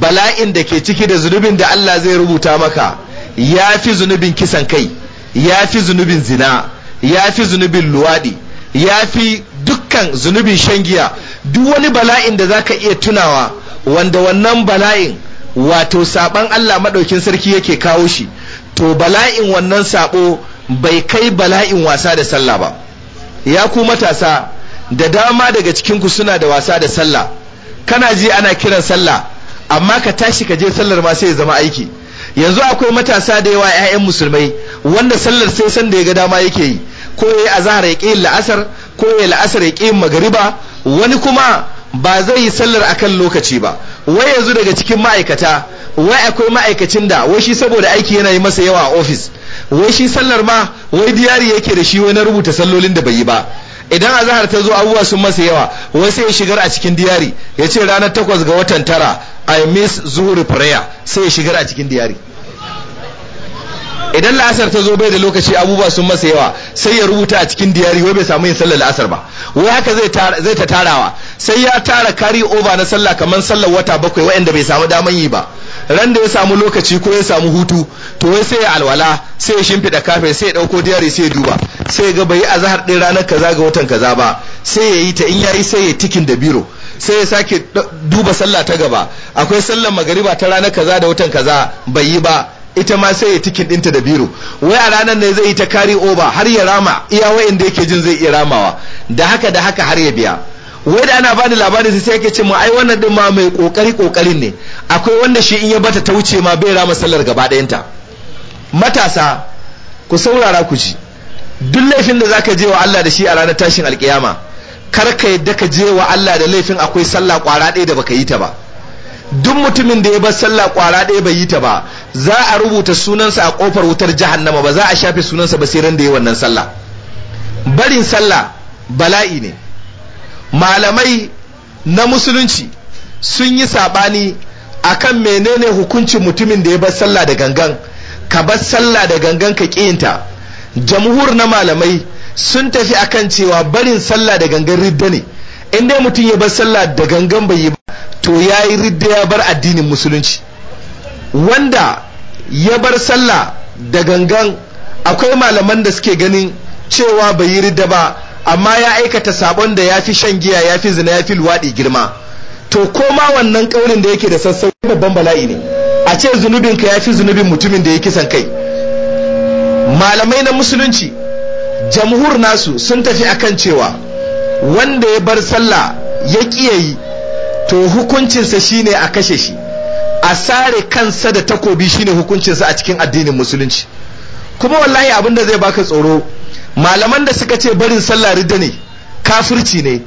bala'in da ke ciki da zunubin da Allah zai rubuta maka ya fi zunubin kisan kai ya fi zunubin zina ya fi zunubin luwaɗi ya fi dukkan zunubin shan giya duk wani bala'in da za ka iya tunawa wanda wannan bala'in wato saɓon Allah maɗaukin sarki yake kawo shi to bala'in wannan saɓo bai kai bala'in wasa da sallah ba ya ku matasa da dama daga cikinku suna da wasa da sallah kana ji ana kiran sallah amma ka tashi ka je sallar ma sai ya zama aiki yanzu akwai matasa da yawa 'ya'yan musulmai wanda sallar sai san da ya ga dama yake yi ko ya azahar ya ƙi la'asar ko ya la'asar ya ƙi magariba wani kuma ba zai yi sallar akan lokaci ba wai yanzu daga cikin ma'aikata wai akwai ma'aikacin da wai shi saboda aiki yana yi masa yawa a ofis wai shi sallar ma wai diyari yake da shi wai na rubuta sallolin da bai yi ba idan azahar ta zo abubuwa sun masa yawa wai sai ya shigar a cikin diyari ya ce ranar takwas ga watan tara i miss zuhur prayer sai ya shigar a cikin diyari idan la'asar ta zo bai da lokaci abubuwa sun masa yawa sai ya rubuta a cikin diyari wai bai samu yin sallar la'asar ba wai haka zai ta tarawa sai ya tara kari over na sallah kamar sallar wata bakwai wa'anda bai samu daman yi ba ran da ya samu lokaci ko ya samu hutu to wai sai ya alwala sai ya shimfiɗa kafin sai ya ɗauko diyari sai ya duba sai ya ga bai azhar ɗin ranar kaza ga watan kaza ba sai ya yi ta in ya yi sai ya tikin da biro sai ya sake duba sallah ta gaba akwai sallar magariba ta ranar kaza da watan kaza bai yi ba ita ma sai ya tikin ɗinta da biro wai a ranar ne zai yi ta kari oba har ya rama iya da yake jin zai iya ramawa da haka da haka har ya biya wai da ana bada labari sai yake ce ai wannan din ma mai kokari kokarin ne akwai wanda shi in ya bata ta wuce ma bai rama sallar gaba ɗayanta matasa ku saurara ku ji duk laifin da zaka je wa Allah da shi a ranar tashin alkiyama kar ka yadda ka je wa Allah da laifin akwai sallah kwara ɗaya da baka yi ta ba duk mutumin da ya bar sallah kwara ɗaya bai yi ta ba za a rubuta sunansa a kofar wutar jahannama ba za a shafe sunansa ba sai ran da ya wannan sallah barin sallah bala'i ne malamai na musulunci sun yi sabani akan menene hukuncin mutumin da ya bar sallah da gangan ka bar sallah da gangan ka ƙiyinta jamhur na malamai sun tafi akan cewa barin sallah da gangan ridda ne in dai mutum ya bar sallah da gangan bai yi ba to ya yi ridda ya bar addinin musulunci wanda ya bar sallah da gangan akwai malaman da suke ganin cewa bai yi ridda ba amma ya aikata sabon da ya fi shan giya ya fi zina ya fi luwaɗi girma to koma wannan ƙaurin da yake da sassauci babban bala'i ne a ce zunubinka ya fi zunubin mutumin da ya kisan kai malamai na musulunci jamhur nasu sun tafi akan cewa wanda ya bar sallah ya kiyayi to hukuncinsa shine a kashe shi a sare kansa da takobi shine hukuncinsa a cikin addinin musulunci kuma wallahi abin da zai baka tsoro malaman da suka ce barin sallah ridda ne kafirci ne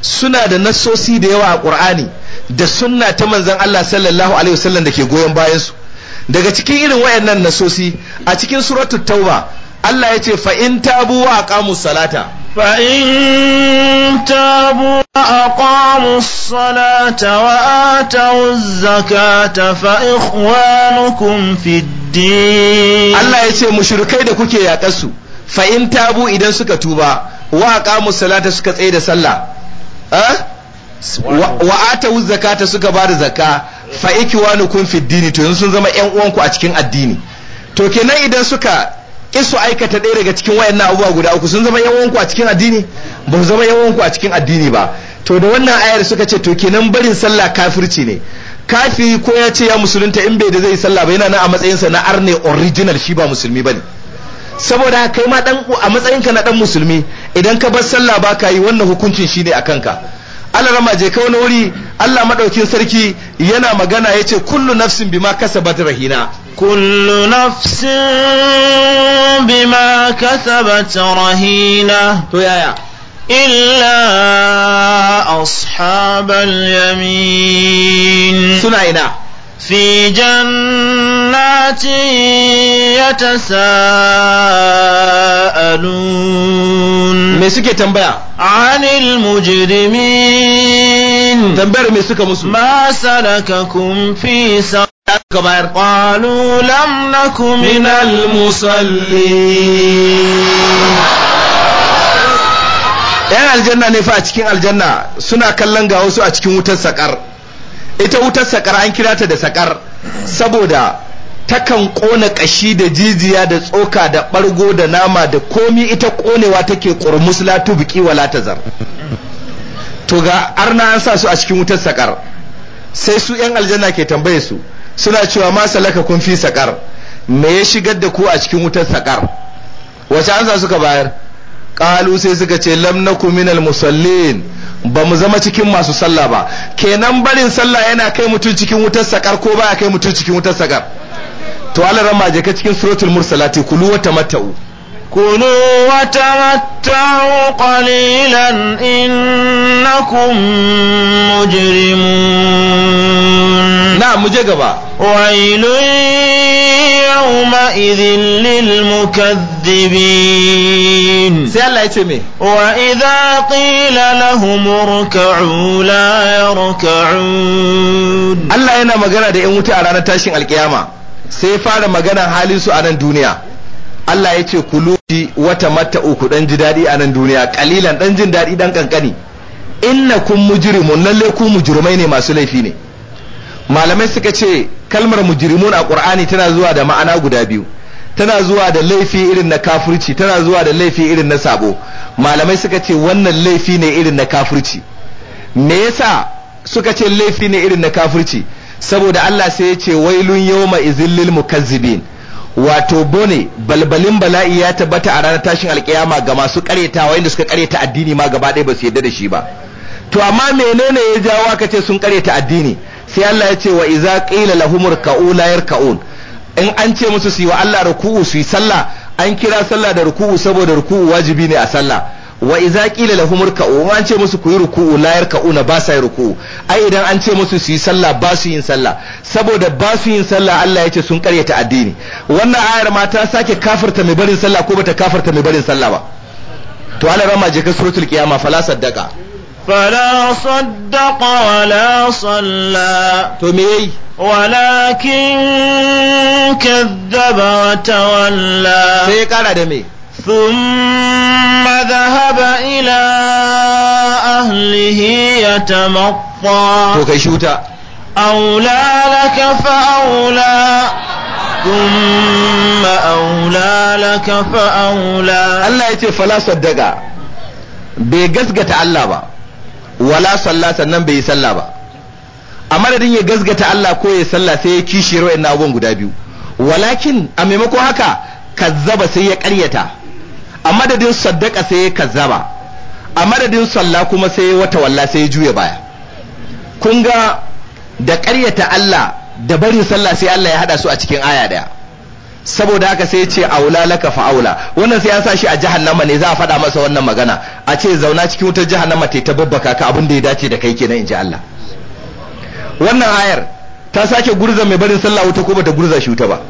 suna da nasosi da yawa a qur'ani da sunna ta manzon Allah sallallahu alaihi wasallam da ke goyon bayan su daga cikin irin wayannan nasosi a cikin suratul tauba Allah ya ce fa in tabu wa aqamu salata fa in tabu wa aqamu salata wa atu zakata fa ikhwanukum fid din Allah ya ce mushrikai da kuke yaƙasu fa in tabu idan suka tuba wa aqamu salata suka tsaye da sallah eh wa atawu zakata suka bada zakka fa ikwanukum fi dini to yanzu sun zama ƴan uwanku a cikin addini to kenan idan suka kisu aikata ɗaya daga cikin wayannan abubuwa guda uku sun zama ƴan uwanku a cikin addini ba su zama ƴan uwanku a cikin addini ba to da wannan ayar suka ce to kenan barin sallah kafirci ne kafiri ko ya ce ya musulunta in bai da zai sallah ba yana nan a matsayinsa na arne original shi ba musulmi bane saboda kai ma dan a matsayinka na dan musulmi idan ka bar sallah ba ka yi wannan hukuncin shine a kanka Allah rama je ka wani wuri Allah madaukin sarki yana magana yace kullu nafsin bima kasabat rahina kullu nafsin bima kasabat rahina to yaya illa ashabal yamin suna ina في جنات يتساءلون me suke tambaya anil mujrimin tambayar me suka musu ma salakakum fi saqar qalu lam nakum minal musallin ‘yan aljanna ne fa a cikin aljanna suna kallon ga wasu a cikin wutar sakar ita wutar sakar an kira ta da sakar saboda takan kona kashi da jijiya da tsoka da bargo da nama da komi ita konewa take ƙurmus la biki wala tazar to ga arna an sa su a cikin wutar sakar sai su yan aljanna ke tambaye su suna cewa ma salaka kun fi sakar me ya shigar da ku a cikin wutar sakar wace sa suka bayar qalu sai suka ce lam nakum minal musallin ba mu zama cikin masu sallah ba kenan barin sallah yana kai mutum cikin wutar sakar ko baya kai mutum cikin wutar sakar to Allah rama je ka cikin suratul mursalati kulu wa tamattu qalilan innakum mujrimun na mu je gaba. ويل يومئذ للمكذبين وإذا قيل لهم اركعوا لا يركعون الله yana magana da 'yan wuta a ranar tashin alkiyama sai fara magana halin a nan duniya Allah ya ce ku lokaci wata mata uku dan ji daɗi a nan duniya kalilan dan jin daɗi dan kankani innakum mujrimun lalle ku mujrimai ne masu laifi ne malamai suka ce kalmar mujrimun a qur'ani tana zuwa da ma'ana guda biyu tana zuwa da laifi irin na kafirci tana zuwa da laifi irin na sabo malamai suka ce wannan laifi ne irin na kafirci me yasa suka ce laifi ne irin na kafirci saboda Allah sai ya ce wailun yawma izillil mukazzibin wato bone balbalin bala'i ya tabbata a ranar tashin alkiyama ga masu kareta wanda suka kareta addini ma gaba ɗaya ba su yarda da shi ba to amma menene ya jawo aka ce sun kareta addini sai Allah ya ce wa iza qila lahum irka'u la yarka'un in an ce musu su yi wa Allah ruku'u su yi sallah an kira sallah da ruku'u saboda ruku'u wajibi ne a sallah wa iza qila lahum irka'u an ce musu ku yi ruku'u la yarka'una ba sa yi ruku'u ai idan an ce musu su yi sallah ba su yin sallah saboda ba su yin sallah Allah ya ce sun karyata addini wannan ayar ma ta sake kafirta mai barin sallah ko bata kafirta mai barin sallah ba to Allah rama je ka suratul qiyama fala saddaka فلا صدق ولا صلى ولكن كذب وتولى ثم ذهب إلى أهله يتمطى أولى لك فأولى ثم أولى لك فأولى الله يتفلا صدقا بقزقة الله wala sallah sannan bai yi sallah ba a madadin ya gazgata Allah ko ya sallah sai ya kishiyar na abubuwan guda biyu walakin a maimakon haka kazzaba sai ya karyata a madadin sadaka sai ya kazzaba a madadin sallah kuma sai wata walla sai ya juya baya kun ga da karyata Allah da barin sallah sai Allah ya hada su a cikin aya daya saboda haka sai ce aula laka fa aula wannan sai ya sa shi a jahannama ne za a faɗa masa wannan magana a ce zauna cikin wutar jahannama ta babbaka ka abin da ya dace da kai kenan inji Allah wannan ayar ta sake gurza mai barin sallah wuta ko bata gurza shi wuta ba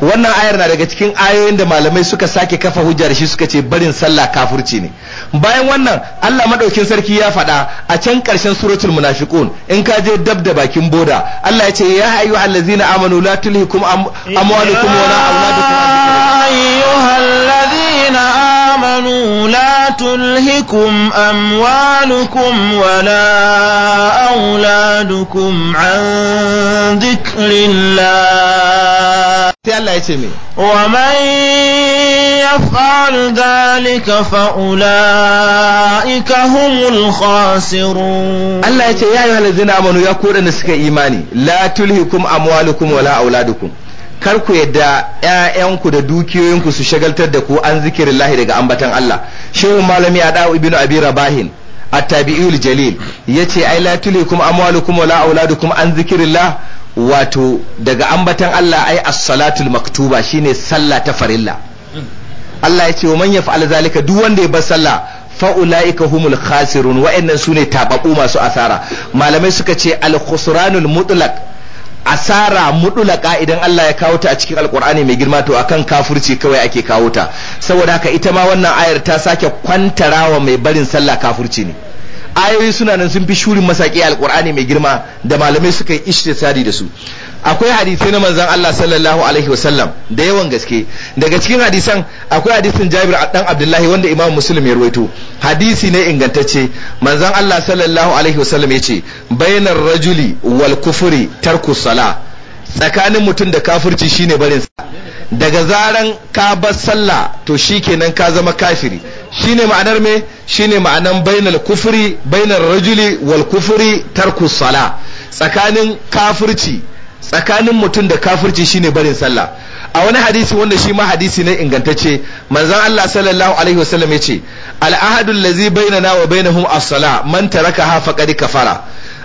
wannan ayar na daga cikin ayoyin da malamai suka sake kafa hujja da shi suka ce barin sallah kafurci ne bayan wannan Allah madaukin sarki ya faɗa a can ƙarshen suratul munafiqun in ka je dab da bakin boda Allah ya ce ya ayyuhallazina amanu la tulhikum amwalukum amanu la tulhikum amwalukum wala auladukum an dhikrillah sai Allah ya ce me wa man yaf'al fa humul khasirun Allah ya ce ya yi ladzina amanu ya kodan da suka imani la tulhikum amwalukum wala auladukum kar ku yadda ƴaƴanku da dukiyoyinku su shagaltar da ku an zikirin lahi daga ambatan Allah shehu malami dawo ibnu Abi Rabahin at-tabi'ul jalil yace ai la tulhikum amwalukum wala auladukum an zikirillah wato daga ambatan Allah ai as-salatul maktuba shine sallah ta farilla Allah ya ce wa man yaf'al zalika duk wanda ya bar sallah fa ulaika humul khasirun wa'annan sune tababu masu asara malamai suka ce al-khusranul mutlaq asara mutulaka idan Allah ya kawo ta a cikin alkur'ani mai girma to akan kafurci kawai ake kawo ta saboda haka ita ma wannan ayar ta sake kwantarawa mai barin sallah kafurci ne ayoyi suna nan sun fi shurin masaƙi Alƙur'ani mai girma da malamai suka yi ishtisari da su akwai hadisai na manzon Allah sallallahu alaihi wasallam da yawan gaske daga cikin hadisan akwai hadisin Jabir dan Abdullahi wanda Imam Muslim ya ruwaito hadisi ne ingantacce manzon Allah sallallahu alaihi wasallam yace bainar rajuli wal kufri tarku sala tsakanin mutum da kafirci shine barin sa daga zaran ka bar sallah to shikenan ka zama kafiri shine ma'anar me shine ma'anan bainal kufri bainar rajuli wal kufri tarku sala tsakanin kafirci tsakanin mutum da kafirci shine barin sallah a wani hadisi wanda shi ma hadisi ne ingantacce manzon Allah sallallahu alaihi wasallam yace al ahadu baina bainana wa bainahum as-sala man tarakaha faqad kafara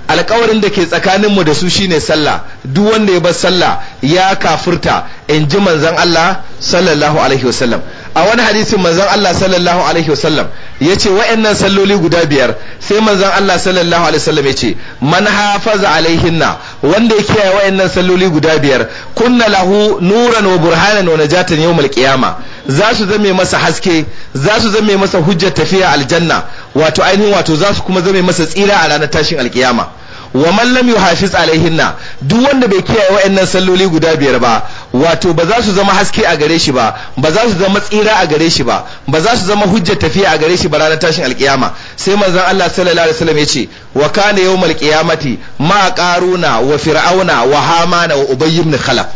alkawarin da ke tsakaninmu da su shine sallah duk wanda ya bar sallah ya kafirta in ji manzon Allah sallallahu alaihi wasallam a wani hadisin manzon Allah sallallahu alaihi wasallam yace wa'annan salloli guda biyar sai manzon Allah sallallahu alaihi wasallam yace man hafaza alaihinna wanda ya kiyaye wa'annan salloli guda biyar kunna lahu nuran wa burhanan wa najatan yawmal qiyama za su zame masa haske za su zame masa hujjar tafiya aljanna wato ainihin wato za su kuma zame masa tsira a ranar tashin alkiyama wa man lam yuhafiz alaihinna duk wanda bai kiyaye wayannan salloli guda biyar ba wato ba za su zama haske a gare shi ba ba za su zama tsira a gare shi ba ba za su zama hujjar tafiya a gare shi ba ranar tashin alkiyama sai manzon Allah sallallahu alaihi wasallam yace wa kana yawmal qiyamati ma qaruna wa fir'auna wa hamana wa ubay ibn khalaf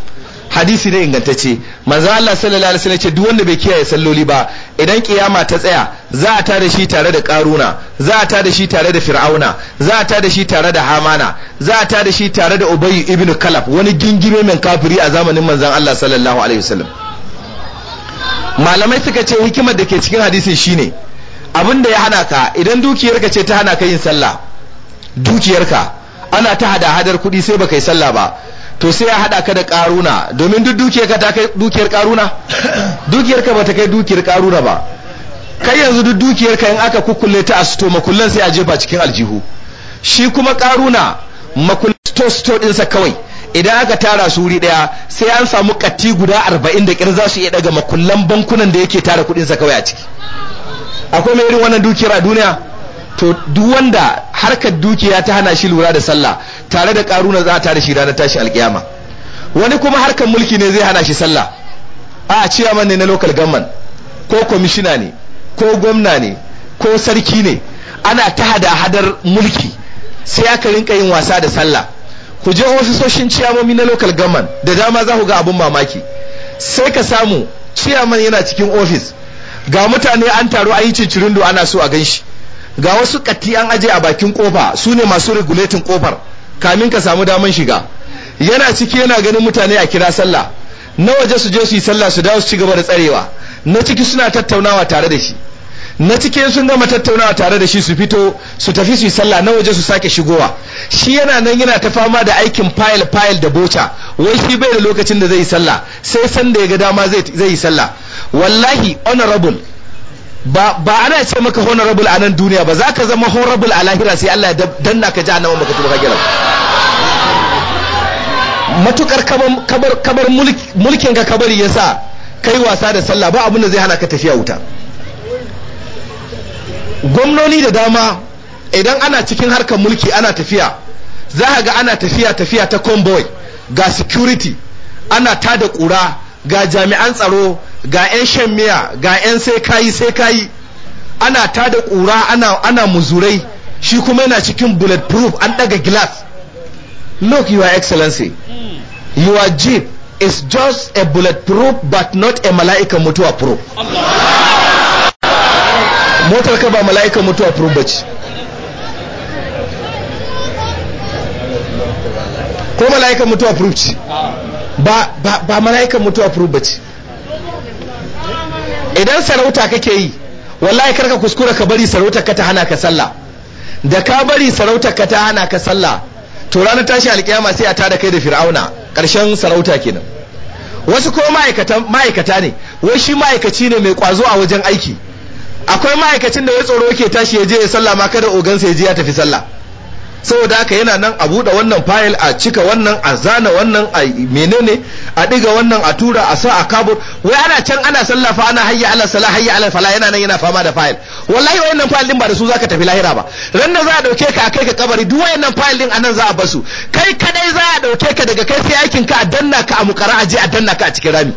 hadisi ne ingantacce manzo Allah sallallahu alaihi wasallam ce duk wanda bai kiyaye salloli ba idan kiyama ta tsaya za a tada shi tare da karuna za a tada shi tare da fir'auna za a tada shi tare da hamana za a tada shi tare da ubay ibn kalaf wani gingime mai kafiri a zamanin manzon Allah sallallahu alaihi wasallam malamai suka ce hikimar da ke cikin hadisin shine abin da ya hana ka idan dukiyarka ce ta hana ka yin sallah dukiyarka ana ta hada hadar kuɗi sai baka yi sallah ba to sai ya hada ka da karuna domin duk dukiyar ta kai dukiyar karuna dukiyar ka bata kai dukiyar karuna ba kai yanzu duk dukiyarka in aka kukkulle ta a sito makullan sai a jefa cikin aljihu shi kuma karuna makullan sito sito dinsa kawai idan aka tara su wuri daya sai an samu katti guda arba'in da kirza su iya daga makullan bankunan da yake tara kudinsa kawai a ciki akwai mai irin wannan dukiyar a duniya to duk wanda harkar dukiya ta hana shi lura da sallah tare da karuna za ta da shi ranar tashi alkiyama wani kuma harkar mulki ne zai hana shi sallah a ciyaman ne na local government ko kwamishina ne ko gwamna ne ko sarki ne ana ta hada hadar mulki sai aka rinka yin wasa da sallah ku je ofisoshin ciyamomi na local government da dama za ku ga abun mamaki sai ka samu ciyaman yana cikin ofis ga mutane an taro an yi cincirindo ana so a ganshi. ga wasu katti an aje a bakin kofa su ne masu regulating kofar kamin ka samu daman shiga yana ciki yana ganin mutane a kira sallah na waje su je su yi sallah su dawo su ci gaba da tsarewa na ciki suna tattaunawa tare da shi na cikin sun gama tattaunawa tare da shi su fito su tafi su yi sallah na waje su sake shigowa shi yana nan yana ta fama da aikin fayil fayil da boca wai shi bai da lokacin da zai yi sallah sai sanda da ya ga dama zai yi sallah wallahi honorable ba ana ce maka honorable a nan duniya ba za ka zama honorable a lahira sai Allah ya danna ka ji annaban baka tuba gira matukar kabar kabar mulkin ka kabari yasa kai wasa da sallah ba abin da zai hana ka tafiya wuta gwamnoni da dama idan ana cikin harkar mulki ana tafiya za ka ga ana tafiya tafiya ta convoy ga security ana tada kura ga jami'an tsaro ga 'yan shan miya ga 'yan sai kayi sai kayi ana ta da ƙura ana, ana muzurai shi kuma yana cikin bulletproof an daga glass look your excellency hmm. your jeep is just a bulletproof but not a mala'ika mutuwa proof motar ka ba mala'ika mutuwa proof ce ko mala'ika mutuwa proof ce ah. ba, ba, ba mala'ika mutuwa proof ce idan sarauta kake yi wallahi karka kuskura ka bari sarautar ka ta hana ka sallah da ka bari sarautar ka ta hana ka sallah to ranar tashi alkiyama sai a tada kai da fir'auna karshen sarauta kenan wasu ko ma'aikata ne wai shi ma'aikaci ne mai kwazo a wajen aiki akwai ma'aikacin da wai tsoro yake tashi ya je ya sallah ma kada ogansa ya je ya tafi sallah saboda haka yana nan a buɗe wannan fayil a cika wannan a zana wannan a menene a ɗiga wannan a tura a sa a kabur wai ana can ana sallafa ana hayya ala sala hayya ala fala yana nan yana fama da fayil wallahi wayannan fayil din ba da su zaka tafi lahira ba ran nan za a dauke ka a kai ka kabari duk wayannan fayil din anan za a basu kai kadai za a dauke ka daga kai sai aikin ka a danna ka a mukara a a danna ka a cikin rami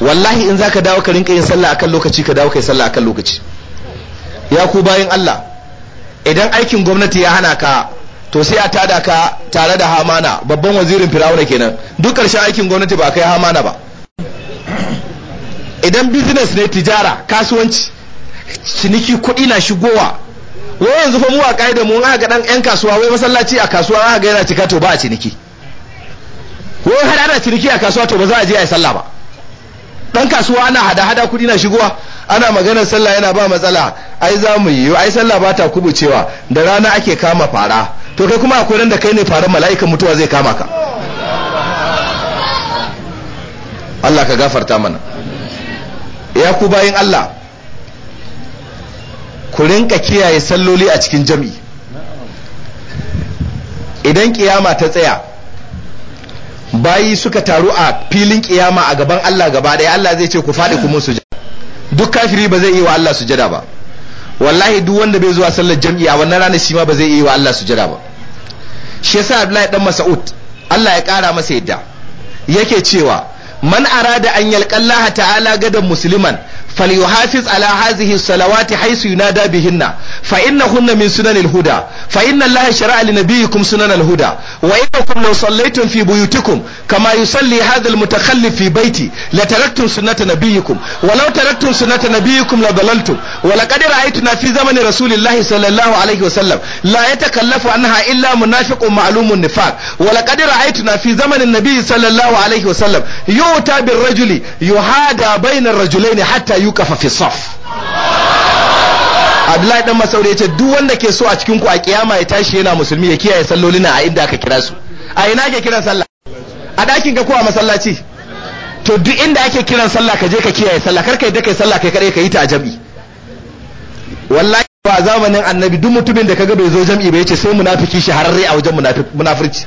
wallahi in zaka dawo ka rinka yin sallah akan lokaci ka dawo kai sallah akan lokaci ya ku bayin Allah idan aikin gwamnati ya hana ka to sai a tada ka tare da hamana babban wazirin firawuna kenan duk ƙarshen aikin gwamnati ba kai hamana ba idan business ne tijara kasuwanci ciniki kuɗi na shigowa wai yanzu fa mu a ƙa'ida mu aka dan yan kasuwa wai masallaci a kasuwa aka ga yana cika to ba a ciniki wai har ana ciniki a kasuwa to ba za a je a yi sallah ba dan kasuwa ana hada hada kuɗi na shigowa ana maganar sallah yana ba matsala ai za mu yi ai sallah ba ta kubucewa da rana ake kama fara to kai kuma akwai ran da kai ne faran mala'ikan mutuwa zai kama ka Allah ka gafarta mana ya ku bayin Allah ku rinka kiyaye salloli a cikin jam'i idan kiyama ta tsaya bayi suka taru a filin kiyama a gaban Allah gaba daya Allah zai ce ku faɗi ku musu duk kafiri ba zai iya wa Allah sujada ba wallahi duk wanda bai zuwa sallar jam'i a wannan ranar shi ma ba zai iya wa Allah sujada ba shi yasa Abdullahi dan Mas'ud Allah ya kara masa yadda yake cewa man arada an yalqallaha ta'ala gadan musliman فليحافظ على هذه الصلوات حيث ينادى بهن فإنهن من سنن الهدى فإن الله شرع لنبيكم سنن الهدى وإنكم لو صليتم في بيوتكم كما يصلي هذا المتخلف في بيتي لتركتم سنة نبيكم ولو تركتم سنة نبيكم لضللتم ولقد رأيتنا في زمن رسول الله صلى الله عليه وسلم لا يتكلف عنها إلا منافق معلوم النفاق ولقد رأيتنا في زمن النبي صلى الله عليه وسلم يؤتى بالرجل يهادى بين الرجلين حتى fa fi saf Abdullahi dan Masauri yace ce duk wanda ke so a cikin ku a kiyama ya tashi yana musulmi ya kiyaye sallolina a inda aka kira su a ina ke kiran sallah a dakin ka ko a masallaci to duk inda ake kiran sallah ka je ka kiyaye sallah kar ka yadda kai sallah kai kare ka yi ta ajabi wallahi ba zamanin annabi duk mutumin da kaga bai zo jam'i ba yace sai munafiki shahararre a wajen munafirci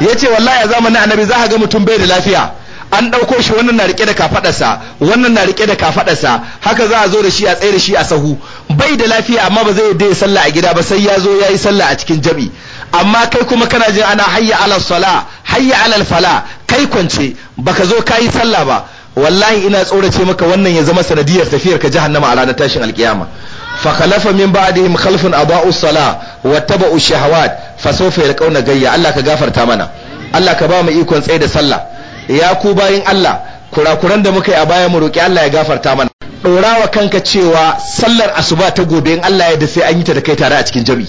yace wallahi a zamanin annabi za ka ga mutum bai da lafiya an ɗauko shi wannan na rike da kafaɗarsa wannan na riƙe da kafaɗarsa haka za a zo da shi a tsaye da shi a sahu bai da lafiya amma ba zai yadda ya sallah a gida ba sai ya zo ya yi sallah a cikin jami amma kai kuma kana jin ana hayya alal sala hayya alal fala kai kwance baka zo ka yi sallah ba wallahi ina tsorace maka wannan ya zama sanadiyar tafiyar ka jahannama a ranar tashin alkiyama فخلف من بعدهم خلف أضاءوا الصلاة واتبعوا الشهوات gayya allah ka gafarta mana allah ka ba mu ikon tsaye da sallah ya ku bayin Allah kurakuran da muka yi a baya mu roki Allah ya gafarta mana dora kanka cewa sallar asuba ta gobe in Allah ya da sai an yi ta da kai tare a cikin jami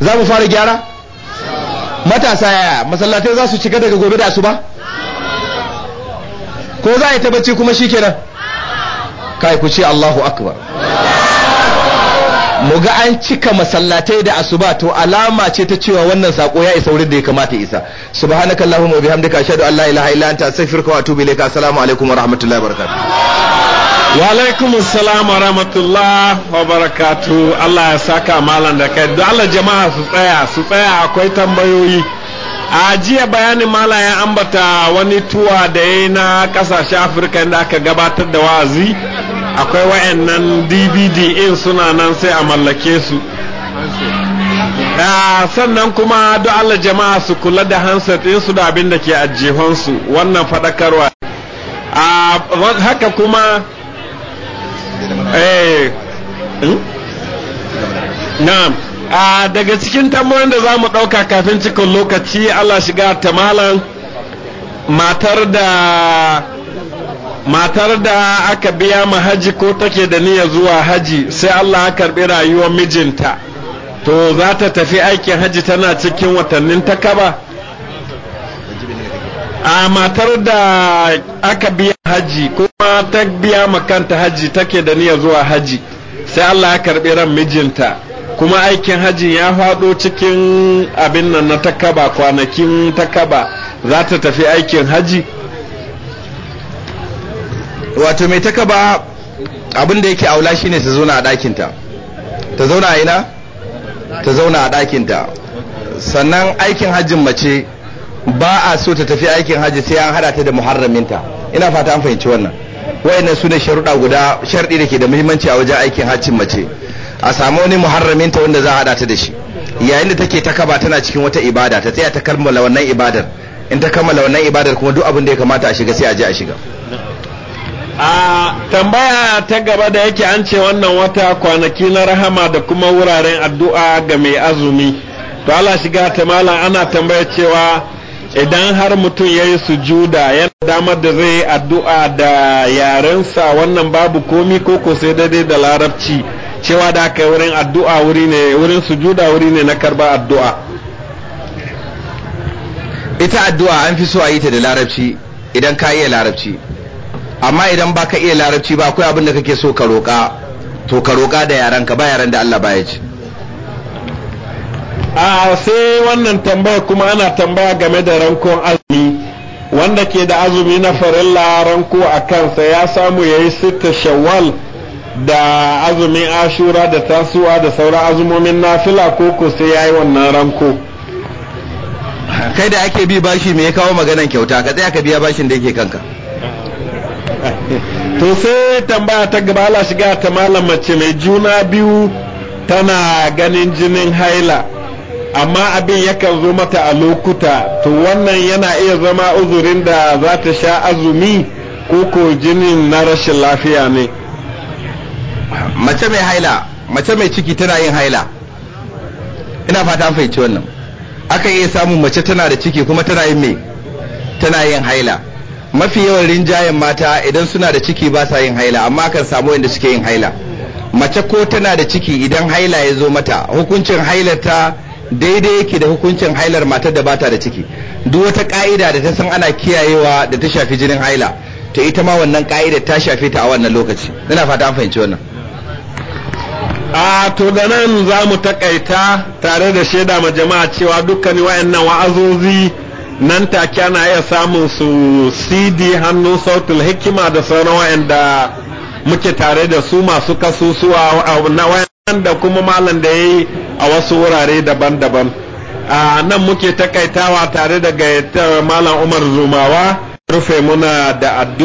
za mu fara gyara matasa yaya masallatai za su cika daga gobe da asuba ko za a yi ta bacci kuma shikenan kai ku ce Allahu akbar mu ga an cika masallatai da asuba to alama ce ta cewa wannan sako ya isa wurin da ya kamata isa subhanakallahumma wa bihamdika ashhadu an la ilaha illa anta astaghfiruka wa atubu ilayka assalamu alaikum wa rahmatullahi wa barakatuh wa alaikum assalam wa rahmatullahi wa barakatuh Allah ya saka malam da kai don Allah jama'a su tsaya su tsaya akwai tambayoyi a jiya bayanin malam ya ambata wani tuwa da yayi na kasashen afirka inda aka gabatar da wa'azi akwai wa'annan dvd in suna nan sai a mallake su ah, sannan kuma duk Allah jama'a su kula da handset su da abin da ke ajihonsu wannan fadakarwa ah, haka kuma eh, hmm? na'am ah, daga cikin tambayoyin da za mu ɗauka kafin cikin lokaci Allah shiga ta matar da matar da aka biya ma haji ko take da niyya zuwa haji sai Allah ya karbi rayuwar mijinta to za ta tafi aikin haji tana cikin watannin takaba a matar da aka biya haji kuma ta biya ma kanta haji take da niyya zuwa haji sai Allah ya karbi ran mijinta kuma aikin haji ya faɗo cikin abin nan na takaba kwanakin takaba za ta tafi aikin haji wato mai takaba abin da yake aula shine ta zauna a ɗakinta ta zauna a ina ta zauna a ɗakinta sannan aikin hajjin mace ba a so ta tafi aikin hajji sai an hada ta da muharraminta ina fata an fahimci wannan wayannan su ne sharuɗa guda sharɗi da ke da muhimmanci a wajen aikin hajjin mace a samu wani muharraminta wanda za a hada ta da shi yayin da take takaba tana cikin wata ibada ta tsaya ta kammala wannan ibadar in ta kammala wannan ibadar kuma duk abin da ya kamata a shiga sai a je a shiga a tambaya ta gaba da yake an ce wannan wata kwanaki na rahama da kuma wuraren addu'a ga mai azumi to Allah shiga ta malam ana tambaya cewa idan har mutum ya yi sujuda yana damar da zai addu'a da yarensa wannan babu komi ko sai daidai da larabci cewa da aka wurin addu'a wuri ne wurin sujuda wuri ne na karba addu'a ita addu'a an fi so a yi ta da larabci idan ka iya larabci amma idan baka iya larabci ba akwai abinda kake so ka roƙa to ka roƙa da yaran ba yaran da Allah baya ci a sai wannan tambaya kuma ana tambaya game da rankon azumi wanda ke da azumi na farilla ranko a kansa ya samu ya yi sita shawwal da azumi ashura da tasuwa da sauran azumomin nafila fila koko sai ya yi wannan ranko kai da ake bi bashi me ya kawo maganan kyauta ka tsaya ka biya bashin da yake kanka to sai tambaya ta gaba ala shiga ta malam mace mai juna biyu tana ganin jinin haila amma abin yakan zo mata a lokuta to wannan yana iya zama uzurin da za ta sha azumi ko ko jinin na rashin lafiya ne mace mai haila mace mai ciki tana yin haila ina fata an fahimci wannan aka iya samun mace tana da ciki kuma tana yin me tana yin haila mafi yawan rinjayen mata idan suna da ciki ba sa yin haila amma kan samu inda suke yin haila mace ko tana da ciki idan haila ya zo mata hukuncin hailar ta daidai yake da hukuncin hailar matar da bata da ciki duk wata ka'ida da ta san ana kiyayewa da ta shafi jinin haila ta ita ma wannan ka'ida ta shafe ta a wannan lokaci ina fata an fahimci wannan a to da nan za mu takaita tare da shaida ma jama'a cewa dukkanin wayannan wa'azozi nan take ana iya samun su cd hannun sautin hikima da sauran wa'anda muke tare da su masu kasusuwa na wa'anda kuma malam da ya yi a wasu wurare daban-daban a nan muke takaitawa tare da gayyatar malam umar zumawa rufe muna da addu'a